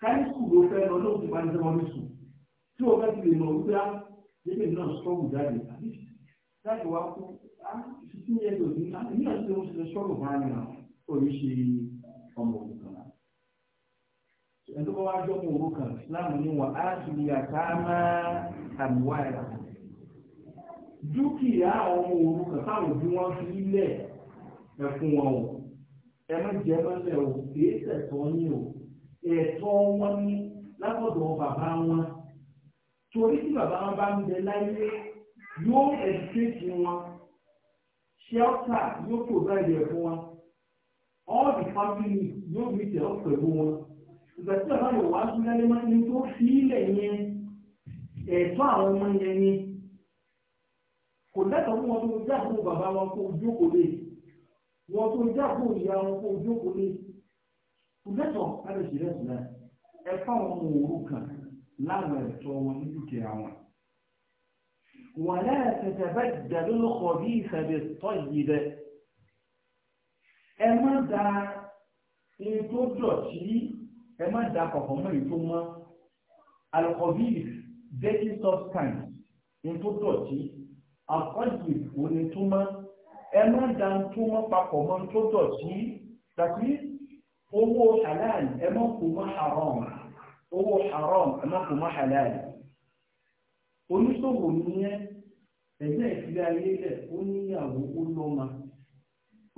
káyé sùkúl ló fẹ́ lọ ló ti bá ní sẹ́wọ́n ló sùn tí o fẹ́ ti lè mọ̀ wípé á ah, yébè náà sọ́ọ̀bù jáde àbí láti wá kú fifteen years old ní àná ní ọ̀sẹ̀ wọn ṣe ṣọ́ọ̀bù bá ní àwọn oríṣi ọmọ òrukàn náà ẹni tó bá wá jọ ọmọ òrukàn láàmú ni wọn á ti lè àká máa àmúwá ẹ̀rọ dúkìá ọmọ òrukàn táwọn òbí wọn fi lẹ̀ ẹ̀fún wọn o ẹ má jẹ mọ́lẹ̀ o kìí ṣẹ̀tọ́ ní o ẹ̀tọ́ wọn ní látọ̀dọ̀ bàbá wọn torí tí bàbá wọn bá ń bẹ láyé yóò ẹ̀díkéèkì wọn shelter yóò provide ẹ̀ fún all the family no be ẹ̀ ọ̀pẹ̀ fún wọn ìgbà tí ọ̀rọ̀ yóò wá sí lálẹ́ to ń ní ẹ̀tọ́ àwọn ọmọ yẹn ni kò fún wọn tó jẹ́ àbúrò bàbá wọn kó jókòó lé wọn tó ìyá wọn kó jókòó lé kò láti ṣe ولا تتبدل الخبيث بالطيب ẹ má da èyí tó dọ̀tí ẹ má da kọ̀kọ́ mọ́ èyí tó mọ́ alkọ̀bíì baking substance èyí tó dọ̀tí alkọ̀bíì òní tó mọ́ ẹ má da tó mọ́ papọ̀ mọ́ tó dọ̀tí tàbí owó halal ẹ má kó mọ́ haram owó haram ẹ má kó mọ́ halal. oníṣòwò nìyẹn ẹ̀jẹ̀ ìfilẹ̀ ayé lẹ̀ ó níyàwó ó ma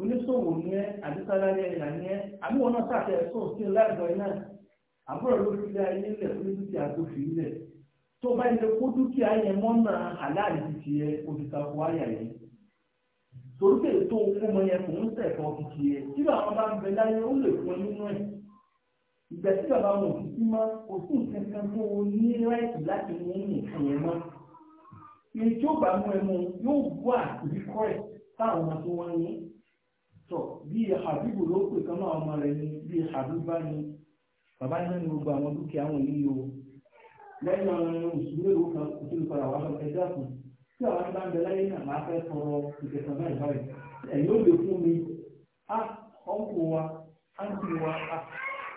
oníṣòwò nìyẹn àdúsáláyé ẹ̀yà nìyẹn àbúrò náà sàtẹ̀ ẹ̀sọ́ sí láìpẹ́ náà àbúrò ló filẹ̀ ayé lẹ̀ ó ní dúkìá tó fi tó bá kó dúkìá mọ́nà ti tiẹ̀ òdìkàfọ́ àyà yẹn torí pé ètò owó mọ yẹn kò ń fọ́ ti tiẹ̀ bá ń bẹ láyé ó ìgbà tí bàbá wọn kì í sí mọ́ kò sí nǹkan kan tó o ní láìsí láti ní nǹkan yẹn mọ́ ìrìn tí ó bá mú ẹ mú yóò wà ìdíkọ́ ẹ̀ táwọn ọmọ tó wọ́n ní tọ bí àbíbò ló pè kan náà ọmọ rẹ̀ ní bí àbíbá ni bàbá iná ni gbogbo àwọn dúkìá wọn yìí o lẹ́yìn òṣùwé ìwò kan kò sí ìpadà wà lọ ẹ̀dá kù tí àwọn tó bá ń bẹ láyé náà máa fẹ́ tọrọ ìkẹsàn náà báyìí ẹ̀yìn ó lè fún mi á ah, ọ̀nkù wa áńtì wa á ah,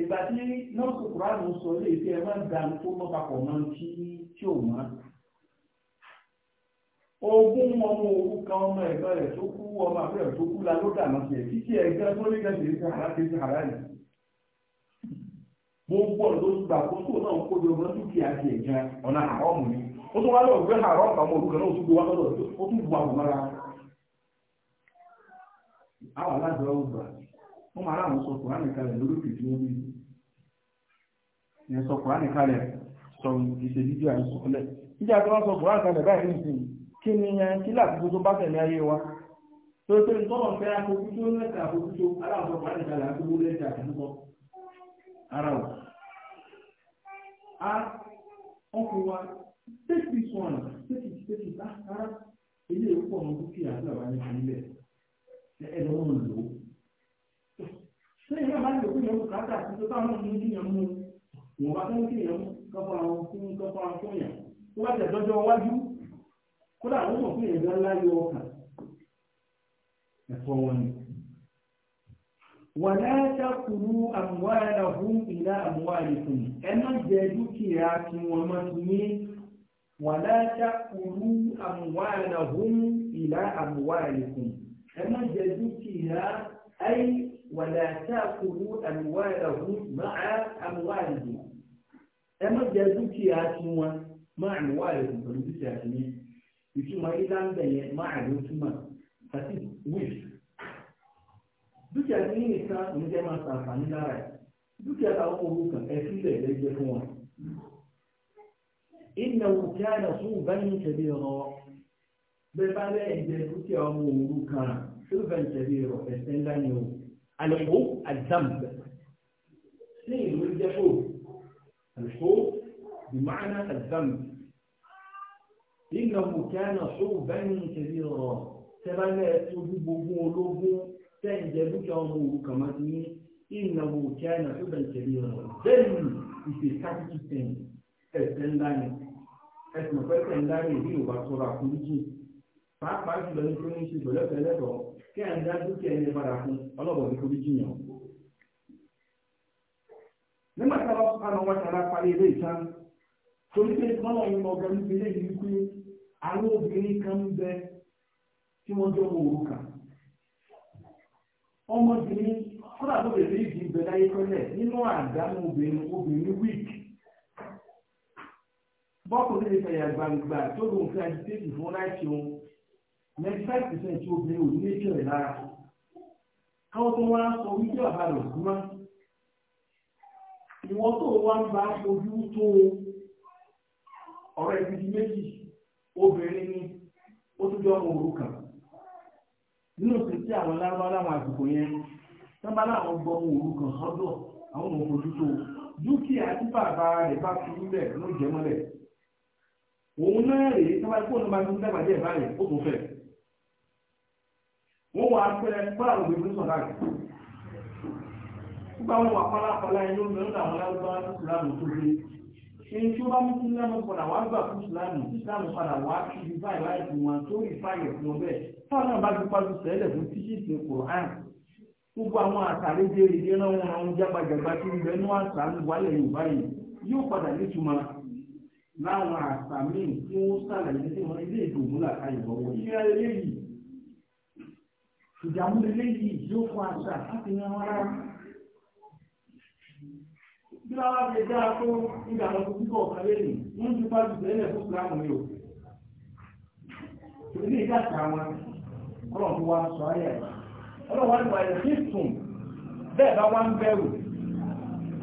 ìgbà tí nọ́ọ̀sì kùránù sọ lè fi ẹ̀rọ ìgbà tó mọ́ papọ̀ mọ́ tí tí ò mọ́. ogún ọmọ òrukàn ọmọ ẹ̀gbọ́n rẹ̀ tó kú ọmọ rẹ̀ tó la ló títí ẹ̀gbẹ́ ti sàrà yìí. gbogbo ọ̀dọ́ gbà kó tó náà kó ọmọ dúkìá ti ẹ̀jẹ̀ ọ̀nà àrọ́mù ni ó tún wá lọ àrọ́mù wọ́n máa láwọn sọ kùránì kalẹ̀ lórúkè tí wọ́n bí ìyẹn sọ kùránì kalẹ̀ sọ ìṣe fídíò àìsọ̀lẹ̀ níjà tí wọ́n sọ kùránì kalẹ̀ báyìí nìsín kí ni yẹn kí láti tó bá tẹ̀lé ayé wa tó tó ń tọ́lọ̀ fẹ́ akókútó lẹ́ta akókútó aláwọ̀ kùránì kalẹ̀ akókú lẹ́ta àkókò ara wọ̀ a ọkùn wa tẹ́sí sọ̀nà tẹ́sí tẹ́sí bá ara ilé ìwé pọ̀ mọ́ dúkìá tí àbáyé fi ń bẹ̀ ẹ̀ lọ́wọ́ lò táwọn ọmọ ìdí yẹn mú wọn bá tẹ́lẹ̀ kéèyàn kọ́kọ́ àwọn fún kọ́kọ́ àwọn fún yẹn tó bá tẹ̀ dọ́jọ́ wájú kódà àwọn ọmọ fún yẹn gan láyé ọkàn ẹ̀fọ́ wọn ni. wà láyé kúrú àmúwáyà fún ìlà àmúwáyà fún mi ẹ jẹ dúkìá tí wọn máa ti ní wà láyé kúrú àmúwáyà fún ìlà àmúwáyà fún ẹ má jẹ dúkìá ayé. ولا تأكلوا أموالهم مع أموالهم أما جازوكي هاتوا مع أموالهم فلوكي هاتوا يتوما إذا أنت مع الوتما فتيس ويش dúkìá tí ní nìkan oníjẹ́ máa ta àǹfààní lára ẹ̀ dúkìá táwọn owó kan ẹ sílẹ̀ lẹ́jẹ́ fún wọn. ìnà òkè àná fún ìbáyìí الحقوق الذنب سيل من الحقوق بمعنى الذنب إنه كان حوبا كبيرا تبنى تجيبه له تنجبك أمور كما إنه كان حوبا كبيرا ذنب في كتب الدين الدين ẹ̀sùn pẹ́sẹ̀ ńlá rẹ̀ bí ò bá sọ́ra àkúrújì pàápàá jùlọ ní tó ní ṣe pẹ̀lẹ́pẹ̀lẹ́pọ̀ kí à ń dá dúkìá ẹni padà fún ọlọ́bọ̀ ní kórí jìyàn. nígbà tí wọ́n pa àwọn ọ̀tara parí ilé ìta torí pé bọ́lá yìí lọ gan níbi eléyìí wípé àwọn obìnrin kan ń bẹ wọ́n jọ wọ òrùka. ọmọbìnrin tó ìdí ìbẹ̀ láyé ninety five percent tí obìnrin ò ní méjì rẹ̀ lára káwọn tó wá sọ wípé bàbá rẹ̀ kú mọ́ ìwọ́n tó wá ń bá ojú tó ọ̀rọ̀ ìbí méjì obìnrin ni ó tún jọ ọmọ òrukàn nínú sí tí àwọn lárúbáwá láwọn àsìkò yẹn tán bá láwọn gbọ́ ọmọ òrukàn sọ́dọ̀ àwọn ọmọ ojú tó dúkìá tí bàbá rẹ̀ bá fi nílẹ̀ ló jẹ́ mọ́lẹ̀ òun náà rèé tán bá kó ọ̀nà bá fi ń dàgbàjẹ́ ìbáyẹ̀ ó tún fẹ́ẹ̀ wọ́n wà pẹ́rẹ fọ́nà òbí fún sọ̀rọ̀ àgbẹ̀. Nígbà wọn wà pálápàlá ẹni omi ọ̀dà àwọn alágbá ìsìlámù tó dé. Ṣé tí ó bá mú fún lẹ́mọ̀ padà wá gbà fún ìsìlámù tí ìsìlámù padà wá kí ibi báyìí láì fún wọn tó rí fáyọ̀ fún ọbẹ̀. Fáwọn náà bá gbé pàṣẹ sẹ́lẹ̀ fún títí ìsìn Kùrán. Gbogbo àwọn àtàlẹ́ dé ìdí náà wọn àwọn jágbajàgba tí ń bẹ ní àṣà ń wálẹ̀ Yorùbá yìí yóò padà nítumọ̀ láwọn àṣà míì tí wọ́n sàlàyé sí wọn ilé ìdòmúlà ayọ̀ wọ̀ ìdààmú eléyìí yóò fún àṣà láti yan wọn lára bí wọ́n bá ṣe dáa tó nígbà lọ sí púpọ̀ ọ̀kan lẹ́yìn wọ́n ti bá jù tẹ́lẹ̀ fún ìlànà mi ò ilé ìdáta wọn ọlọ́run tó wá sọ ayé ẹ̀ ọlọ́run wá ní wàyẹ̀ fífún bẹ́ẹ̀ bá wá ń bẹ̀rù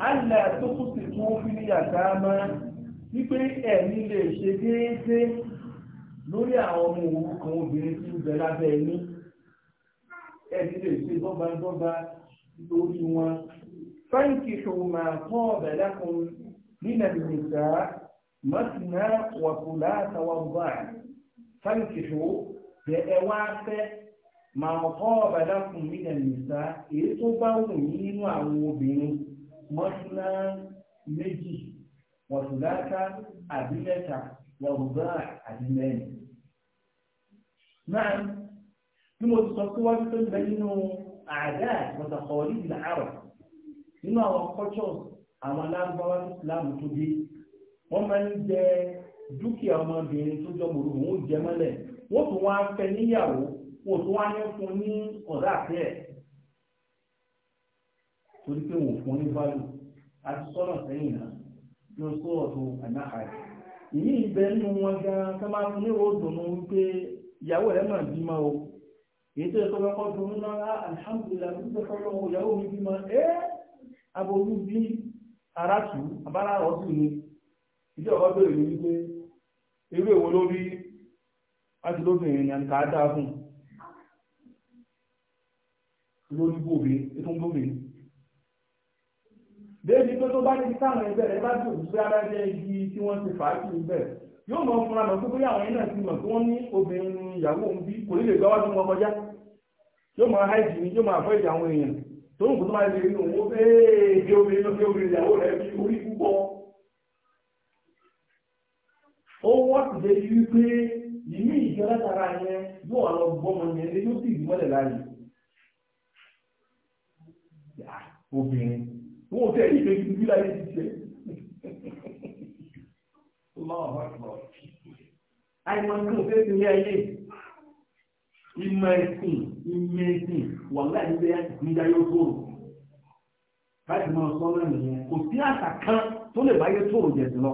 alẹ́ tó kù sí tó fi ní yàtá máa wípé ẹ̀mí lè ṣe déédéé lórí àwọn ọmọ òun kan obìnrin tí ń bẹ lábẹ́ ẹni ẹni lè ṣe dọ́gbadọ́gba lórí wọn. fáǹkì ṣòwòmà tán ọ̀bẹ̀ lákun nínà nìgbà mọ́tìnà wàkùlá àtàwọ̀gbà fáǹkì ṣòwò bẹ̀ ẹ wá fẹ́ màá tán ọ̀bẹ̀ lákun nínà nìgbà èyí tó bá wù yín nínú àwọn obìnrin mọ́tìnà méjì wàkùlá àbí mẹ́ta wàkùlá àbí mẹ́rin. náà bí mo ti sọ síwájú tó ń bẹ nínú àdá mọ̀tàkọ̀ọ́lì ìlà àrọ̀ nínú àwọn cultures àwọn alágbáwá ìsìláàmù tó dé wọ́n máa ń jẹ dúkìá ọmọbìnrin tó jọ mòrò wọn ó jẹ mọ́lẹ̀ wọ́n tún wá fẹ́ níyàwó wọ́n tún wá ní fún ní ọ̀dà àfẹ́ torí pé wọ́n fún ní value àti sọ́nà sẹ́yìn náà ló sọ̀rọ̀ tó ànáhà ìyí ìbẹ́ nínú wọn gan-an tó máa fún ní ròdùnú wípé ìyàwó rẹ̀ máa bímọ ètò ẹ̀kọ́ bá kọ́ dùn náà alhamdulillah ló fẹ́ fọ́lọ́ ìyàwó mi bímọ ẹ́ aboyú bí ara tù abára ọdún ni ìdí ọ̀rọ̀ bẹ̀rẹ̀ ní wípé irú èwo lórí láti lóbìnrin ni àǹkà dá fún lórí bòbí ètò lóbìnrin débi pé tó bá ti sáwọn ẹgbẹ́ rẹ̀ bá dùn sí ara igi tí wọ́n ti fàájì ń bẹ̀rẹ̀ yóò mọ̀ fúnra mọ̀ pé bóyá àwọn ẹ̀nà ti mọ̀ tí wọ́n ní obìnrin ìyàwó òun bí kò ní lè gbáwájú wọn kọjá yóò máa háìjì ní yóò máa fọ́ ìjà àwọn èèyàn tó ń kùn máa lè rí òun ó fẹ́ obìnrin ló fi obìnrin ìyàwó rẹ̀ fi orí púpọ̀ ó wọ́n ti dé yí pé àìmọ̀ nǹkan ò ti ní ayé ìmọ̀ ẹ̀sìn ìmọ̀ ẹ̀sìn wà láì bẹ́ nígbà yóò tóòrò láti máa sọ náà nìyẹn kò sí àṣà kan tó lè báyé tóòrò jẹ̀sìn lọ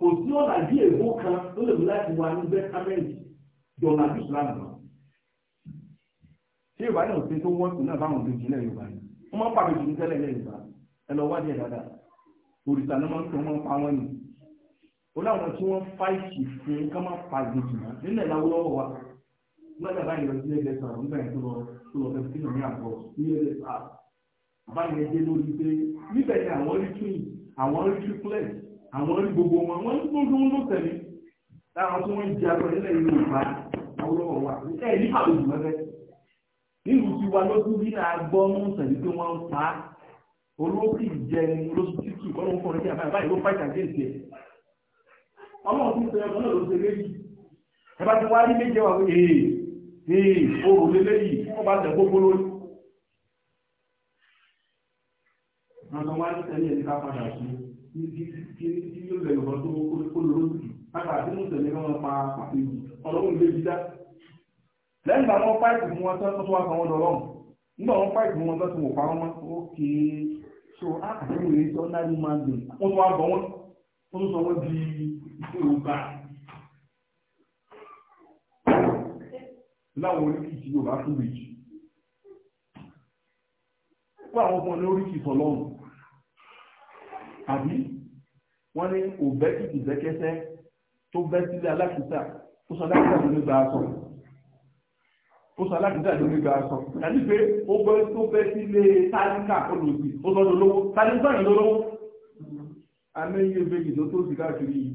kò sí ọ̀nà bí èbó kan tó lè mú láti wà ní bẹ́tàmẹ́ǹtì dọ̀nà bí ìsìlámù lọ. ṣé ìwà náà ṣe tó wọ́n sí náà báwọn òbí ilẹ̀ Yorùbá ni wọ́n máa ń pàdé jù tẹ́lẹ̀ ilẹ̀ Yorùbá ẹ lọ wádìí ẹ̀ dáadáa òrìṣà náà máa ń tó wọn pa wọn ni. ó láwọn tí wọ́n fáìsì fún ká má pa ìgbésùn náà nílẹ̀ láwùlọ́wọ́ wa lọ́jà báyìí lọ sí ilé ẹgbẹ́ sọ̀rọ̀ nígbà yẹn tó lọ tó lọ fẹ́ẹ́ sínú ní àgọ́ ní ilé ẹgbẹ́ ah, báyìí ẹgbẹ́ lórí pé níbẹ̀ ni àwọn rí twin àwọn rí triplet àwọn rí gbogbo wọn wọn tó tó ń lò tẹ̀lé láwọn tó ń jẹ agbọ̀ nílẹ̀ ìlú ìfà awolowo wa ẹ̀ nípa òjò mẹ́fẹ́ nílùú ti wa lọ́dún bí náà gbọ́ ń tẹ̀lé pé wọ́n ń pa olókì jẹ lóṣù kọ́ ló ń fọ́nrẹ́ sí àbáyé báyìí ló fàìsàn dé ìṣe ọlọ́run tó ń tẹ̀lé ọ̀gá ló ṣe méjì ẹ bá ti wá rí méjì wà pé èè ní ìfòrò lélẹ́ yìí wọ́n bá tẹ̀ gbogbo lórí ọ̀nà wá ní tẹ̀lé ẹ̀díká padà sí kí yóò lẹ̀ lọ́wọ́ tó kó lórí lára àti mú tẹ̀lé wọn pa pàtó yìí ọlọ́run lè jí dá lẹ́yìn ìgbà wọn páìpù mú wọn tán tó wá kan wọn lọ́rùn nígbà wọn páìpù mú wọn tán tó wò pa wọn mọ́ ó kì í so á àti ìwé sọ́ńdárì máa ń dùn wọ́n tó wá bọ̀ wọ́n wọ́n tó sọ wọ́n di ìṣòro gbà láwọn oríkìtì yóò bá tún méjì fún àwọn ọmọ ní oríkìtì ọlọ́run àbí wọ́n ní òbẹ́kìtì bẹ́kẹ́sẹ́ tó bẹ́ sílé alákìtà tó sọ alákìtà ló ní gba aṣọ tó sọ alákìtà ló ní gba aṣọ àti pé ó bẹ́ tó bẹ́ sílé tálíkà olùsí ó sọ lọ́wọ́ tálíkà yìí lọ́wọ́ amẹ́yẹ bẹ́yì tó tó sì káàkiri yìí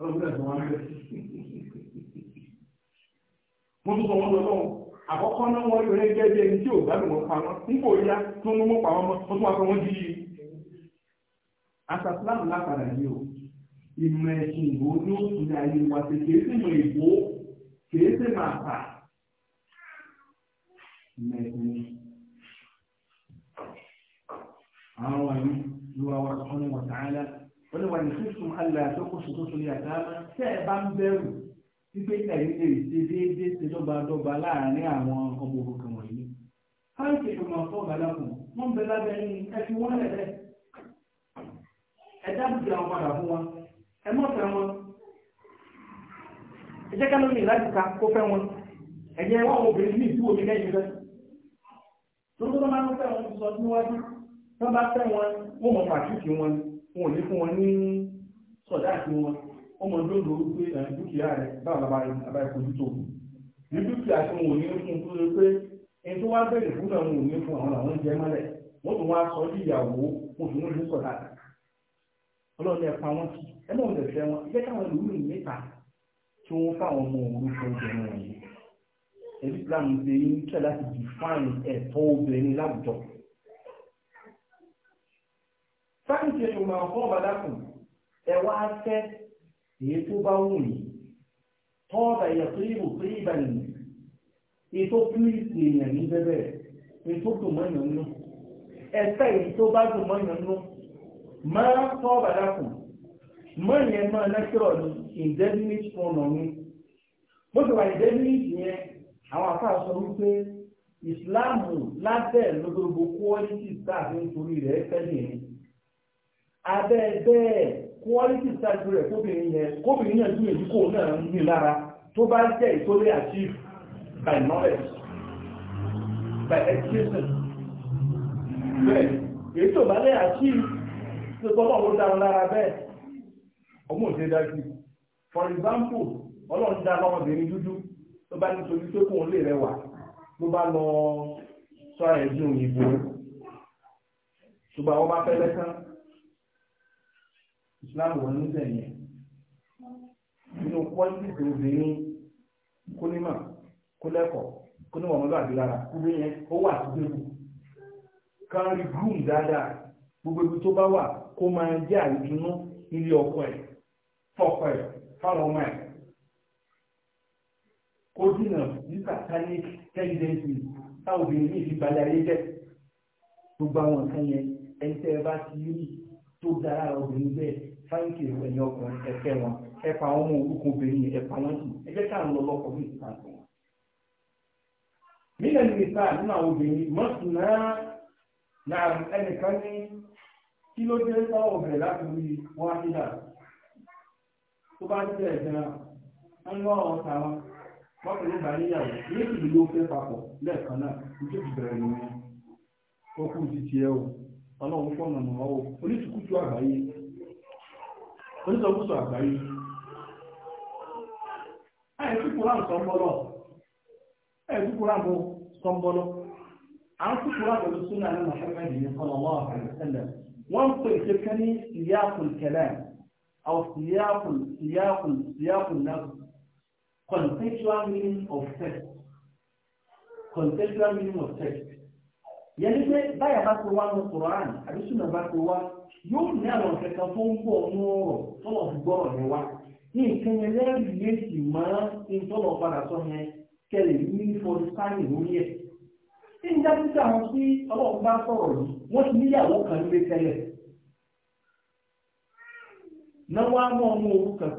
ọlọ́run mo tún sọ wọn lọ lọ́wọ́ àkọ́kọ́ náà wọ́n yóò rẹ́ gẹ́gẹ́ bí ẹni tí ò gbádùn wọn pa wọn nípò yá tó ń mú pa wọn mọ́ tó tún wá pé wọ́n jí i. asasilam lápadà yìí o ìmọ̀ ẹ̀sìn ìbò ní oṣù ní ayé wa ṣe kìí sí ìmọ̀ ìbò kìí sí ìmọ̀ àṣà ìmọ̀ ẹ̀sìn àwọn wàyí ló wá wá sọ́nù wọ̀tàálá ó ní wàyí fífún alẹ́ àtọ́kùn ṣètò sórí àtàlá tẹ́ ẹ wípé ẹ̀yin lè ṣe déédéé ṣe dọ́gbadọ́gba láàárín àwọn ọmọ òrukàn wọ̀nyí. káàkiri ìgbìmọ̀ ọ̀tọ́ ọ̀gálákùn wọ́n bẹ lábẹ́ yín ẹ fi wọ́n lẹ̀ bẹ́ẹ̀. ẹ dábìí àwọn padà fún wọn ẹ mọ̀ fẹ́ wọn. ẹ jẹ́ ká lómi láti ka kó fẹ́ wọn. ẹ̀yẹ wọn obìnrin ní ìdúró mi lẹ́yìn rẹ̀. lóko tó máa ń fẹ́ wọn sọ níwájú tó bá fẹ́ wọn wọ́n mọ̀ pàtúkì wọn wọn ò ní fún wọn ní sọ̀dá àti wọn ọmọ lóòrò wípé dúkìá rẹ̀ báwọn bàbá ẹ̀kọ́ ojú tó ní dúkìá tí wọn ò ní fún tó ṣe pé ẹni tó wá bẹ̀rẹ̀ fún náà wọn ò ní fún àwọn làwọn jẹ mọ́lẹ̀ wọ́n tún wá sọ ní ìyàwó wọn tún ní sọ̀dà ọlọ́run ẹ̀ pa wọn kì ẹ náà lè fẹ́ wọn ilé káwọn lòún ní níta tí wọ́n fáwọn ọmọ òun fún obìnrin wọn yìí ẹbí plan ṣe wá fẹ́ èyí tó bá wù yìí tọ́ọ̀dà yàtúrìbù pé ìbànú èyí tó kú ènìyàn ní bẹ́bẹ̀ èyí tó dùn mọ́ ènìyàn nú ẹ̀sẹ̀ èyí tó bá dùn mọ́ ènìyàn nú máa tọ́ọ̀bà dákùn mọ́ yẹn máa lẹ́kìrọ̀ ní indefinite form ọ̀nù bó ti wà indefinite yẹn àwọn àfáà sọ wípé ìsìláàmù lábẹ́ lọ́dọ̀ quality ṣáájú rẹ̀ kóbìnrin yẹn kóbìnrin yẹn dún èyí kò náà ń ní lára tó bá jẹ́ ìtólé achieve by knowledge by education bẹ́ẹ̀ èyí tó bá lè achieve tó tọ́lọ́ ló dáhùn lára bẹ́ẹ̀ ọmọ òṣèré dájú for example ọlọ́run dá lọ́mọbìnrin dúdú tó bá nítorí pé kóun lè rẹwà ló bá lọ sọ ẹ̀dùn ìbò tó bá wọn bá fẹ́ lẹ́sán islam wọn ní sẹ́yìn nínú pọ́lítìsì obìnrin kó nímọ̀ kó lẹ́kọ̀ọ́ kó níwọ̀n ọmọdé àbí lára kúrú yẹn ó wà sí débù kan rí groom dáadáa gbogbo ibi tó bá wà kó máa jẹ́ àìdùnnú ilé ọkọ ẹ̀ fọ́kọ ẹ̀ fáwọn ọmọ ẹ̀ kó dínà ní satanic tendency táwọn obìnrin yìí fi balẹ̀ ayé jẹ́ gbogbo àwọn nǹkan yẹn ẹni tẹ́ ẹ bá ti rí tó dára obìnrin bẹ́ẹ̀ fáyìntì ẹ̀yìn ọkùnrin ẹ̀fẹ́ wọn ẹ̀fà àwọn ọmọ orúkọ obìnrin ẹ̀fà wọn jù ẹ̀jẹ̀ káà ń lọ lọ́kọ̀ ní ìsìnkú wọn. mílẹ̀ ndị ọzọ nínú àwọn obìnrin mọ́tò náà ẹnìkan ní kí ló dé láti rí wọn á tó bá ní ọ̀rọ̀ ta wọn ló fẹ́ papọ̀ lẹ́ẹ̀kan náà bẹ̀rẹ̀ ọlọ́run fọ́nà mọ̀ ọ́ oníṣùkútù àgbáyé oníṣọ́kútù àgbáyé ẹ̀ kúkúrà sọ́mbọ́lọ́ ẹ̀ kúkúrà mọ́ sọ́mbọ́lọ́ à ń kúkúrà pẹ̀lú súnà ní Muhammad ní sallallahu alaihi wasallam wọ́n pè é kẹ́kẹ́ ní ìyáàkùn kẹlẹ́ àwọn ìyáàkùn ìyáàkùn ìyáàkùn náà contextual meaning of text contextual meaning of text yẹni pé báyà bá ti wá ní Qur'an àbí súnà bá ti wá yóò ní àwọn kẹkẹ tó ń bọ̀ ní ọ̀rọ̀ tọ́lọ̀ fi gbọ́rọ̀ yẹn wá ní ìkẹyẹ lẹ́rìí yé sì máa ń tọ́lọ̀ padà sọ yẹn kẹlẹ̀ ní bá sọ̀rọ̀ yìí wọ́n ti níyàwó kan tẹ́lẹ̀ náwó àmọ́ ọmọ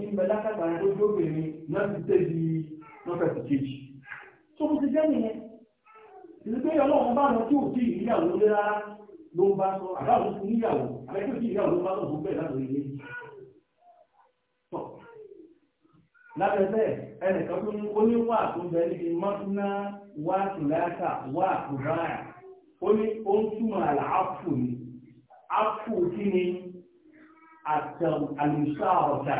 ń bẹ lákàtà lójóbìnrin náà ti tẹ́ ìdílé ọlọ́run bá lọ tí ò tí ìyàwó lé rárá ló ń bá sọ àbáwọn fún níyàwó àbẹ́tí tí ìyàwó ló bá lọ fún bẹ́ẹ̀ láti ilé tọ̀ lábẹ́bẹ́ ẹnìkan tó ní oníwà tó bẹ níbi mọ́túná wà tùláṣà wà tùbáyà ó ní ó ń túmọ̀ àlà áfù ni áfù kí ni àlùsá ọ̀tà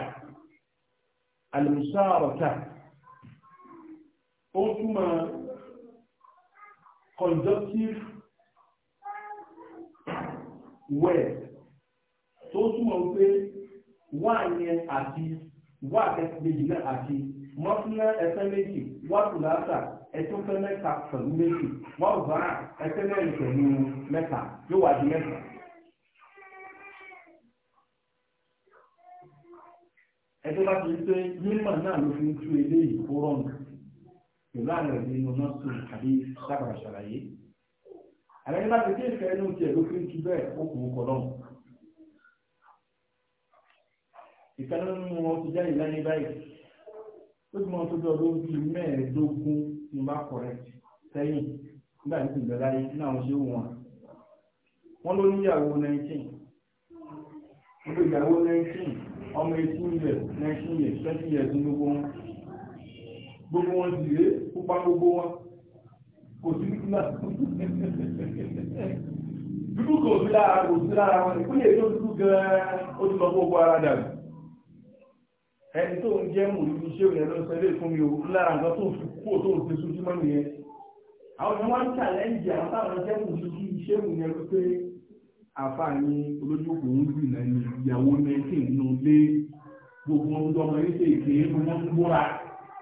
ó ń túmọ̀ conjunctive word tó túmọ̀ pé wà yẹn àti wà méjì náà àti mọ́túnlá ẹsẹ̀ méjì wà tùlásà ẹtún fẹ́ mẹ́ta pẹ̀lú méjì wà ọ̀bá ẹsẹ̀ mẹ́rin pẹ̀lú mẹ́ta yóò wá di mẹ́ta. ẹjọ́ bá ti rí pé mímọ̀ náà ló fi ń tú eléyìí kó rọrùn ìlànà nínú nọ́ọ̀sì àbí sábà ṣàlàyé àlẹ́ láti dé ìfẹ́ inú tiẹ̀ ló fi ń tu bẹ́ẹ̀ ó kù kọ́ lọ́hùn. ìkànnì nínú wọn ti jáde lẹ́ni báyìí ó ti mọ tó bí ọdún bíi mẹ́ẹ̀ẹ́dógún ní bá kọ̀rẹ́ sẹ́yìn nígbà tí ìgbẹ́ láyé ní àwọn ṣé wọn. wọ́n ló níyàwó 19 wọ́n ló níyàwó 19 ọmọ 18 years 19 years 20 years ní gbogbo wọn gbogbo wọn sì rèé pupa gbogbo wọn kò sí ní kílá dúdú kò sí lára kò sí lára wọn ìpínlẹ̀ èdè dúdú gan-an ó ti lọ gbogbo ara dàbí ẹni tó ń jẹ́ mú ìlú iṣẹ́ òyìn ló ń sẹ́lẹ̀ fún mi ò lára nǹkan tó ń fi kú ò tó ń fi sojú mọ́ nìyẹn àwọn ọmọ ń ṣàlẹ́ǹjì àwọn táwọn jẹ́ mú ìlú iṣẹ́ òyìn ló pé àfààní olójú kò ń gbìn náà ìyàwó 19 nínú ilé gbogbo ọmọ yìí ṣe ìkéé ń bóra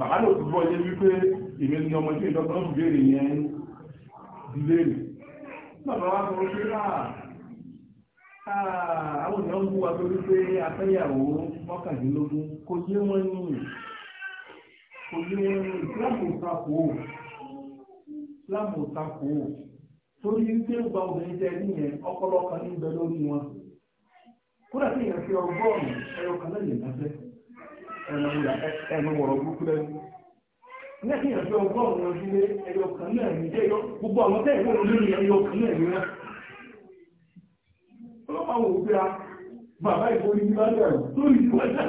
bàbá ló ti gbọ́ yé wípé èmi ni ọmọ ilé ìdọ́gbọ́n ló béèrè yẹn léèrè bàbá wa sọ pé ah, ah, àwọn èèyàn ń bú wa torí pé afẹ́yàwó mọ́kàndínlógún kò yé wọn ní kò yé wọn ní ìsìlámù ìsìlámù torí wípé gba obìnrin jẹ níyẹn ọpọlọ kan lórí wọn fi ẹyọ kan ẹnu wọ̀rọ̀ burúkú lẹ́nu. lẹ́yìn ẹgbẹ́ ọgọ́rùn-ún ojúlé ẹyọ kan náà ní jẹ́ gbogbo àwọn tẹ́ ìwọ̀n lórí ẹyọ kan náà ní wọn. ọlọ́pàá wò ó a bàbá ìfọ́ni ní bá dẹ̀rù tó rí ìwọ́n jẹ́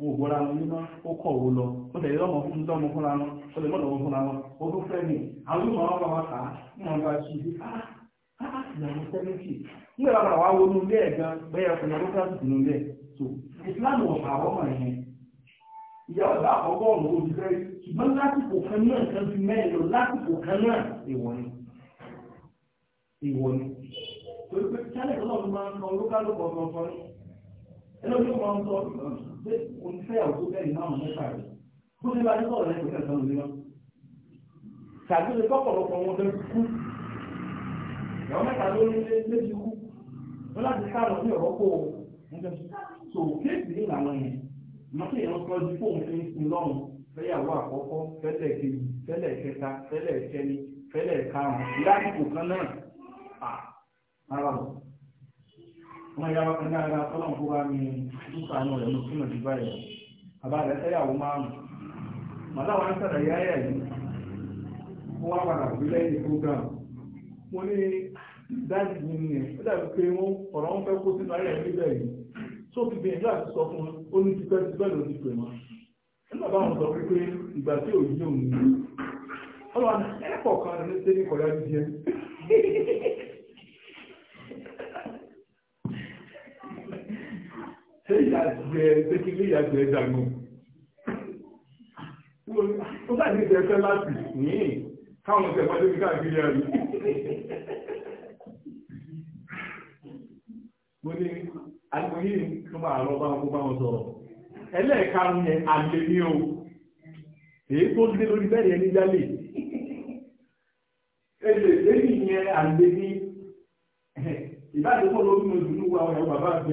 wọn ò bọ́ra ó kọ̀ wó lọ ó tẹ̀lé lọ́mọ fún lọ́mọ fúnra wọn ó tẹ̀lé lọ́mọ fúnra wọn ó tó fẹ́ mi àwọn yóò máa wá kà á wọn bá ṣe bí á á ìyàwó sẹ́mìtì nígbà bá bàbá wo nu ilé ẹ̀ gan bẹ́ẹ̀ ọ̀sẹ̀ ló fẹ́ sùn nu ilé so Islam ọ̀pá àwọn ọmọ yẹn ìyá ọ̀dà àkọ́kọ́ ọ̀nà olùfẹ́ ṣùgbọ́n lásìkò kan náà kan fi mẹ́rin lọ lásìkò kan náà èèwọ̀ ni èèwọ̀ ni torí pé kálẹ̀ tó lọ́ọ́ fi máa ń sọ lókàlùkọ̀ ọ̀sán ọ̀sán ẹ̀rọ tí wọ́n sọ pé òun fẹ́ ọ̀tún bẹ́ẹ̀ ní àwọn mẹ́ta rẹ̀ kó ní ní sọ̀rọ̀ lẹ́yìn òkè ẹ̀sán òní lọ. tàbí lè kọ́pọ̀lọpọ̀ wọn lè kú ìyàwó mẹ́ta ló ní lé kú wọn láti ká lọ sí ọ̀rọ̀ kó o so kéèsì ní làwọn yẹn mọ́tò yẹn kọ́ ju fóun fi ń sin lọ́rùn fẹ́yàwó àkọ́kọ́ fẹ́lẹ̀ kejì fẹ́lẹ̀ kẹta fẹ́lẹ̀ kẹni fẹ́lẹ̀ karùn-ún lásìkò kan náà ọmọ ìyá wọn ní ara ọlọ́run kó bá mi dúkà náà rẹ̀ ló kí náà ti báyìí rẹ̀ bàbá rẹ̀ fẹ́yàwó márùn-ún màdá wa ń sọ̀rọ̀ ìyá ẹ̀yà yìí wọ́n wá padà sí lẹ́yìn program mo ní dáàdì mi ni ó dàbí pé wọ́n ọ̀rọ̀ ń fẹ́ kó sínú ayé ẹ̀mí bẹ́ẹ̀ yìí tó fi gbìyànjú àti sọ fún ó ní ti pẹ́ẹ́sì bẹ́ẹ̀ ló ti pè wọ́n nígbà bá wọn sọ pé pé ìgbà tí òun yóò ní ọlọ́run ẹ̀kọ́ kan ní ṣé ìyàgbẹ́ ṣé kí ilé ìyàgbẹ́ dànù ó bá ní ìdẹ́fẹ́ láti ní káwọn ọ̀sẹ̀ pàdé mi káàkiri ẹ̀rí mo ní agbóyè tó máa lọ bá wọn bá wọn sọ̀rọ̀ ẹlẹ́ẹ̀karùn-ún yẹn àlè ní o èyí tó dé lórí bẹ́ẹ̀ yẹn ní yálè èdè lẹ́yìn yẹn àlè ní ìbáṣepọ̀ lórí mo dùn ún wa ọ̀rọ̀ bàbá àti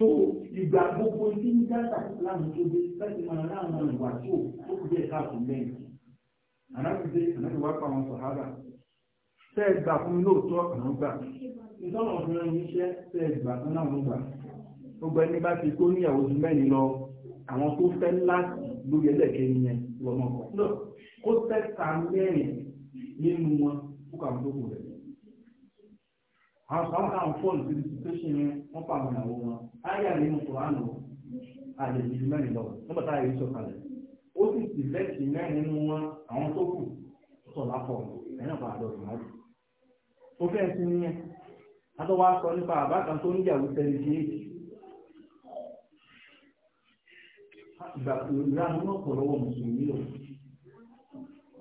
tó ìgbà gbogbo tí ń dáta láàmú tó dé láti máa láàmú ìwà tó tó kú díẹ̀ káàkó lẹ́yìn ànábìdé ànábìwá pa àwọn sàhábà tẹ́ ẹ gbà fún mi lóòótọ́ àwọn gbà ìtọ́nà ọ̀fìnrin yìí ṣẹ́ tẹ́ ẹ gbà fún àwọn gbà gbogbo ẹni bá ti kó níyàwó ju mẹ́rin lọ àwọn tó fẹ́ láti lórí ẹlẹ́kẹ́ yẹn lọ́mọkọ̀ kó tẹ́ta mẹ́rin nínú wọn kó kàwọn tó kù rẹ̀ àwọn sọ̀rọ̀ káwọn fóònù síbi situation yẹn wọ́n pa àwọn ìyàwó wọn ayé àlè inú kùránù àlejò mẹ́rin lọ nígbà táyà yìí sọ̀kalẹ̀ ó sì sì lẹ́sìn mẹ́rin nínú wọn àwọn tó kù sọ̀ lápọ̀ ẹ̀yìn àpá àdọ̀ ìmáàlì ó fẹ́ sí ní yẹn adọ́ wa sọ nípa àbá kan tó ń yàwó tẹ̀lé sí èyí ìgbà ìlànà náà pọ̀ lọ́wọ́ mùsùlùmí lọ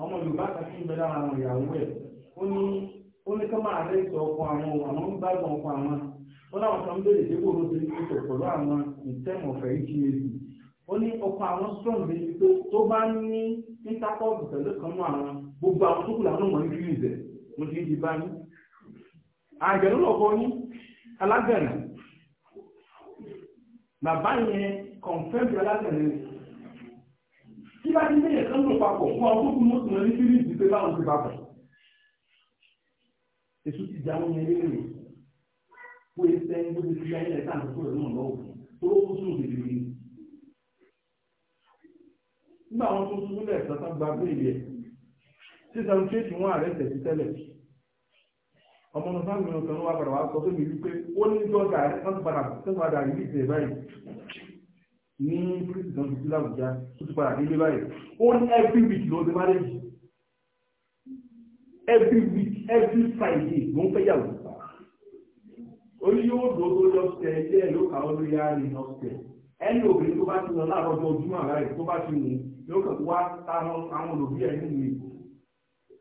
ọmọ Yorùbá kan tí ń bẹ ó ní ká máa rẹ ìtọ̀ ọkọ̀ àwọn àwọn ń gbádùn ọkọ̀ àwọn ó láwọn kan béèrè pé kò ló ti ní kò pẹ̀lú àwọn ìtẹ́mù ọ̀fẹ́ ìkíyèsí ó ní ọkọ̀ àwọn strong ní pé tó bá ní intercourse pẹ̀lú kan mọ́ àwọn gbogbo àwọn tó kù làwọn mọ̀ ní kiri ìzẹ̀ mo ti di bá yín àjẹ̀lú lọ́kọ yín alágbẹ̀rẹ̀ bàbá yẹn kọ̀ǹfẹ́bì alágbẹ̀rẹ̀ tí bá ti bẹ̀yẹ̀ kan lò papọ̀ fún ọdún èso ti dà wọn ẹlẹ́rìí rẹ̀ kó e sẹ́ kó e fi ayẹyẹ sáà lọ́kọ́ rẹ̀ náà lọ́wọ́ tó ó kó sínú bèbè rẹ̀. nígbà wọn tó tún lẹ̀ sọ́tà gba bẹ́ẹ̀lì ẹ̀ sísan kéèkì wọn àrẹ tẹ̀sí tẹ́lẹ̀ ọmọ náà sáà mìíràn kan wà padà wà sọ fún mi wípé ó ní dọ́gà rẹ̀ sáà padà sáà padà rí ìtẹ̀ báyìí ní pírísì náà ti sí láwùjá tó ti padà délé every week every Friday ló ń fẹ́ yàwó ó ní yóò dòdò lọ́sẹ̀ ilé ẹ̀ yóò kà ó lórí àárín lọ́sẹ̀ ẹni obìnrin tó bá ti lọ láàárọ̀ ọjọ́ ojúmọ́ àrà rẹ̀ tó bá ti mú yóò kàn wá táwọn àwọn olùbí ẹ̀ nínú ìlú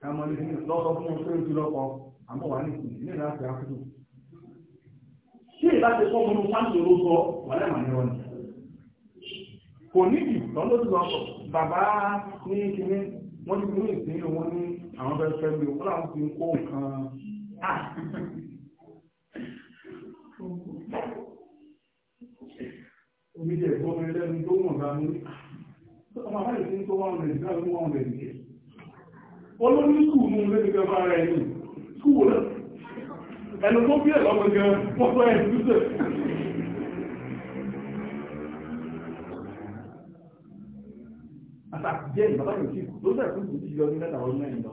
kàmọ́ ní lọ́sọ fún ọjọ́ ìlú lọ́kọ àmọ́ wà ní ìlú ní láti àkókò ṣé ìbáṣe fọ́ mọ́nú sáńtì olóko wà lẹ́mọ̀ ní ọ̀nà kò ní ìtọ́lódì lọ́kọ̀ bàbá ní kíní wọ́n ti ní ìsìn wọn ní àwọn fẹ́ fẹ́ mi wọ́n làwọn ti ń kó nǹkan omi jẹ ìbọn mi lẹ́nu tó mọ̀ náà ní ọmọ àbáyé tí ń tó wọn rẹ̀ nígbà tó wọn rẹ̀ nìyẹn wọ́n ló ní sùúrù mú lẹ́nu gan bá ní sùúrù rẹ̀ tó bí ẹ̀ lọ́gbọ̀n gan wọ́n sọ ẹ̀ àgbà jẹ́ ìbàbá yóò ti kù tó sẹ̀ fún ìdíjì lọ ní mẹ́ta ọdún mẹ́rin lọ.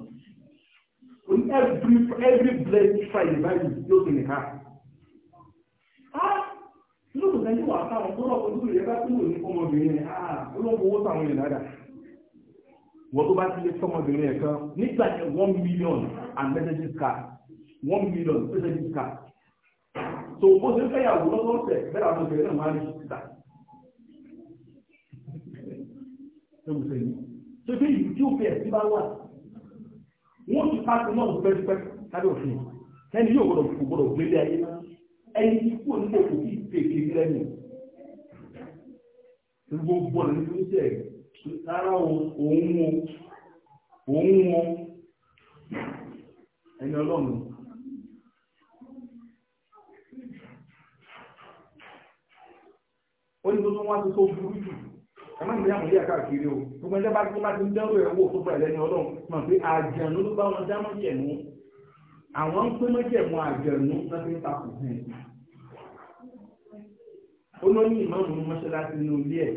Oní every every blessed Friday báyìí yóò ti nìkan. Á inú kò sẹ́yìn wà sáwọn tó lọ́kọ̀ tó yẹ ká kúrò ní ọmọbìnrin rẹ̀ Ah, olóògùn owó sáwọn èèyàn dáadáa. Wọ́n tó bá ti lé sọmọbìnrin rẹ̀ kan nígbà yẹn one million and messages card one million messages card. So bó ṣe fẹ́ yàwó lọ́sọ̀ọ̀sẹ̀ bẹ́ẹ̀ ẹgbùsẹ̀ ẹni yóò gbọ́dọ̀ fò gbọ́dọ̀ gbélé ayé ẹni tí kò ní òkú kí pèké lẹ́nu gbogbo ọ̀nà ní oúnjẹ rárá òun wọn òun ẹni ọlọ́run ó ní tó tó burú jù ẹ̀mọ́ ìgbé àwọn ilé àkàkiri o gbogbo ẹjọ́ bá ti bá ti ń dẹ́rù ẹ̀ wò tó bẹ̀rẹ̀ lẹ́ni ọlọ́run mọ̀ pé àjẹ̀nú ló bá wọn dá mọ́jẹ̀mú àwọn ń pé mọ́jẹ̀mú àjẹ̀nú náà fi ń takò sí i. ó ló ní ìmáàmù ní mọ́ṣáláṣí ní ilé ẹ̀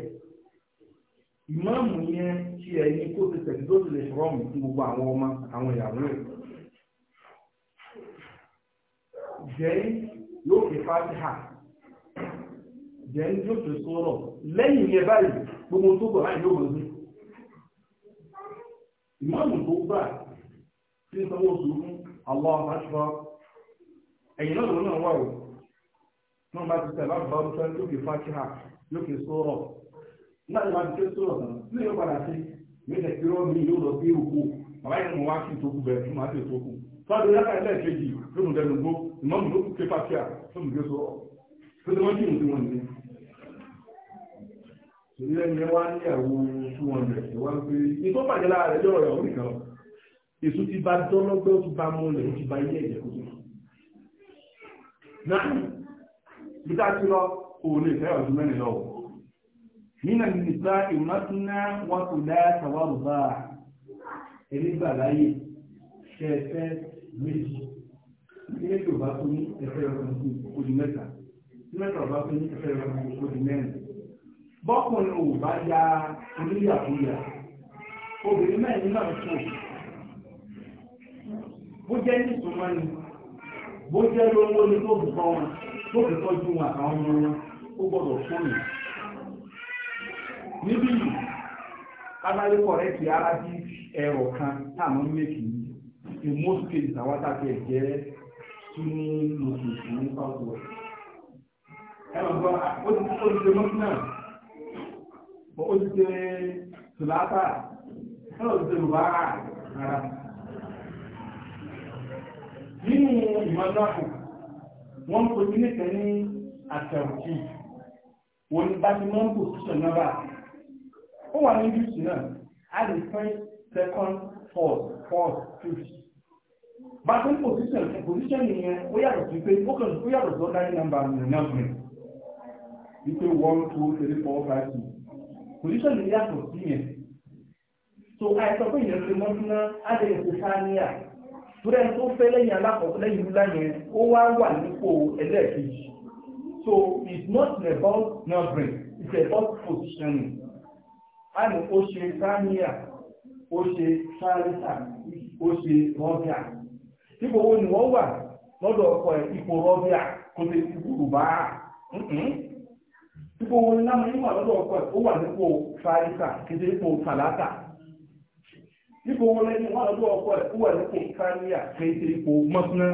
ìmáàmù yẹn ti ẹ̀ ní kó ti tẹ̀sí tó ti lè ṣọ́ọ̀mù fún gbogbo àwọn ọmọ àwọn ìyàwó ẹ̀. jẹ́ yóò fi fásitì hà yóò fi sọ̀rọ̀ lẹ́yìn yẹn báyìí gbogbo tó gbà láì yóò gbogbo ìmọ̀mù tó gbà tí ń sanwó oṣù fún àwọn aṣọ ẹ̀yìn náà lòun wà o náà bá ti tẹ̀ láti bá ọdún sẹ́yìn lókè fàtíhà lókè sọ́rọ̀ náà ni wọ́n ti tẹ́ sọ́rọ̀ tán ní yóò padà sí ìgbésẹ̀ tí mi yóò lọ sí òkú bàbá yìí mo wá sí ìtókù bẹ̀rẹ̀ fún màá sí ìtókù fáwọn ìyáka ilé ìkejì lónìí dẹnu gbó ìmọ̀mù ìrírẹ́ ni wá ní ẹ̀wọ̀ 200 wọ́n pé ìtò pàdé lára rẹ̀ lọ́rọ̀ ẹ̀wọ̀n nìkan èso ti bá dọ́lọ́gbẹ́ ó ti bá mọ́lẹ̀ ó ti bá ilé ẹ̀jẹ̀ kúrò náà bíta ti lọ òun lè fẹ́ ọdún mẹ́rin lọ nínà nìta ìmọ̀túnná wọn kò dá tàwárù bá ẹlẹ́gbà láyé ṣẹ̀fẹ́ méjì ilé tí bá fún ẹ̀fẹ́ ọkùnrin kò di mẹ́ta mẹ́ta ò fún ẹ̀fẹ́ ọkùnrin kò di mẹ́rin bọ́kùnrin ò bá ya oníyàwóyà obìnrin mẹ́rin náà tó bó jẹ́ nísùnmọ́ ni bó jẹ́ lówó ni tó bùkọ́ wọn tó fi tọ́jú wọn àtàwọn ọmọ wọn ó gbọ́dọ̀ níbí yìí kan táwọn méjì ní in most cases àwọn jẹ́ ní pàtó ẹ̀rọ gbọ́ ó ti ó ti ṣe tùlátà náà ti ṣe lùbárà rárá nínú ìmọ̀lọ́pù wọ́n kò ní nìkan ní àtẹ̀wòkì wọ́n ni bá ti mọ́ ń kò síṣọ̀ nọ́bà ó wà ní bíṣì náà a lè fẹ́ second fourth fourth fifth bá tó ń position position nìyẹn ó yàtọ̀ sí pé ó kàn ó yàtọ̀ sí ọ́dá ní nìyẹn náà fún wípé one two three four five six position yìí yàtọ̀ sí yẹn so àìsàn fún ìyẹn ti mọ́túná á lè fi sáníà torí ẹni tó fẹ́ lẹ́yìn alákọ̀ọ́kọ́ lẹ́yìn ńlá yẹn ó wá wà nípò ẹlẹ́ẹ̀kejì so it's not about numbering it's about positioning a ní ó ṣe sáníà ó ṣe sáríta ó ṣe rọ́bíà ipò wo ni wọ́n wà lọ́dọ̀ ọkọ̀ ipò rọ́bíà kò sí gbùrù bá mm-hmm ipò wọn ní lámọ́ níwà lọ́dọ̀ ọkọ̀ ó wà nípò fàríkà kéde ipò fàlátà ipò wọn lẹ́yìn wà lọ́dọ̀ ọkọ̀ ó wà nípò káríà kéde ipò mọ́sánná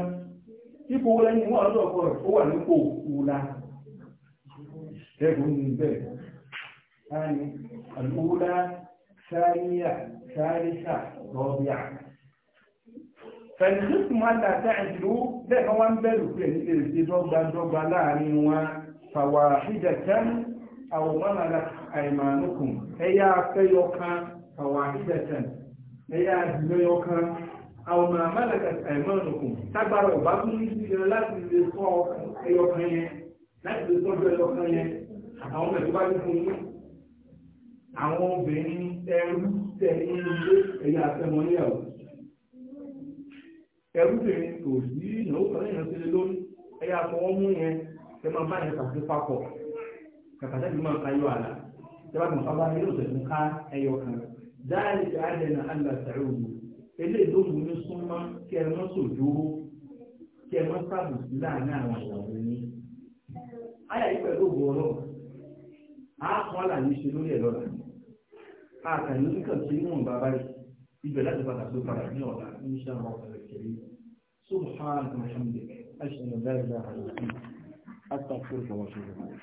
ipò wọn lẹ́yìn wà lọ́dọ̀ ọkọ̀ ó wà nípò wùlá ẹgbùn ní bẹ́ẹ̀ láàrin alúwúlá sáríà sáríà rọ́bíà fẹ̀lú tó máa wọ́n bẹ̀rù pé ní èrè dọ́gba dọ́gba láàrin wọn fàwàhídẹ̀tẹ́n àwòmọ́nàlá àìmánukùn ẹ̀yà afẹ́yọkan fàwàhídẹ̀tẹ́n ẹ̀yà àdìmẹ́yọkan àwòmọ́nàlá àìmánukùn tágbára ọ̀bá tún ní ìṣẹ́ láti lè sọ ẹyọkan yẹn láti lè sọ́jọ ẹyọkan yẹn àwọn ẹ̀tọ́ bá ní fún yín àwọn obìnrin ẹrú tẹ ẹ máa bá yẹn kàfé papọ̀ kàkàtà bí máa ka yọ àlà ẹ bá tún ọba yóò tẹ̀ fún ká ẹyọ kan dáàlì tí a lẹ́nu alàtàrí òwò eléyìí ló mú ní súnmọ́ kí ẹ mọ́ sòdúró kí ẹ mọ́ sábùsí láàrin àwọn ìyàwó yín. ayà yìí pẹ̀lú òwò ọ̀rọ̀ a kàn láàyè ṣe lórí ẹ̀ lọ́la a kàn yóò kàn ṣe níwọ̀n bàbá yìí ibẹ̀ láti padà tó padà ní ọ̀la ní sáà ọ̀pẹ̀lẹ̀ kiri subhanahu wa ta'ala ashhadu an la ilaha illa 阿克苏，怎么说的？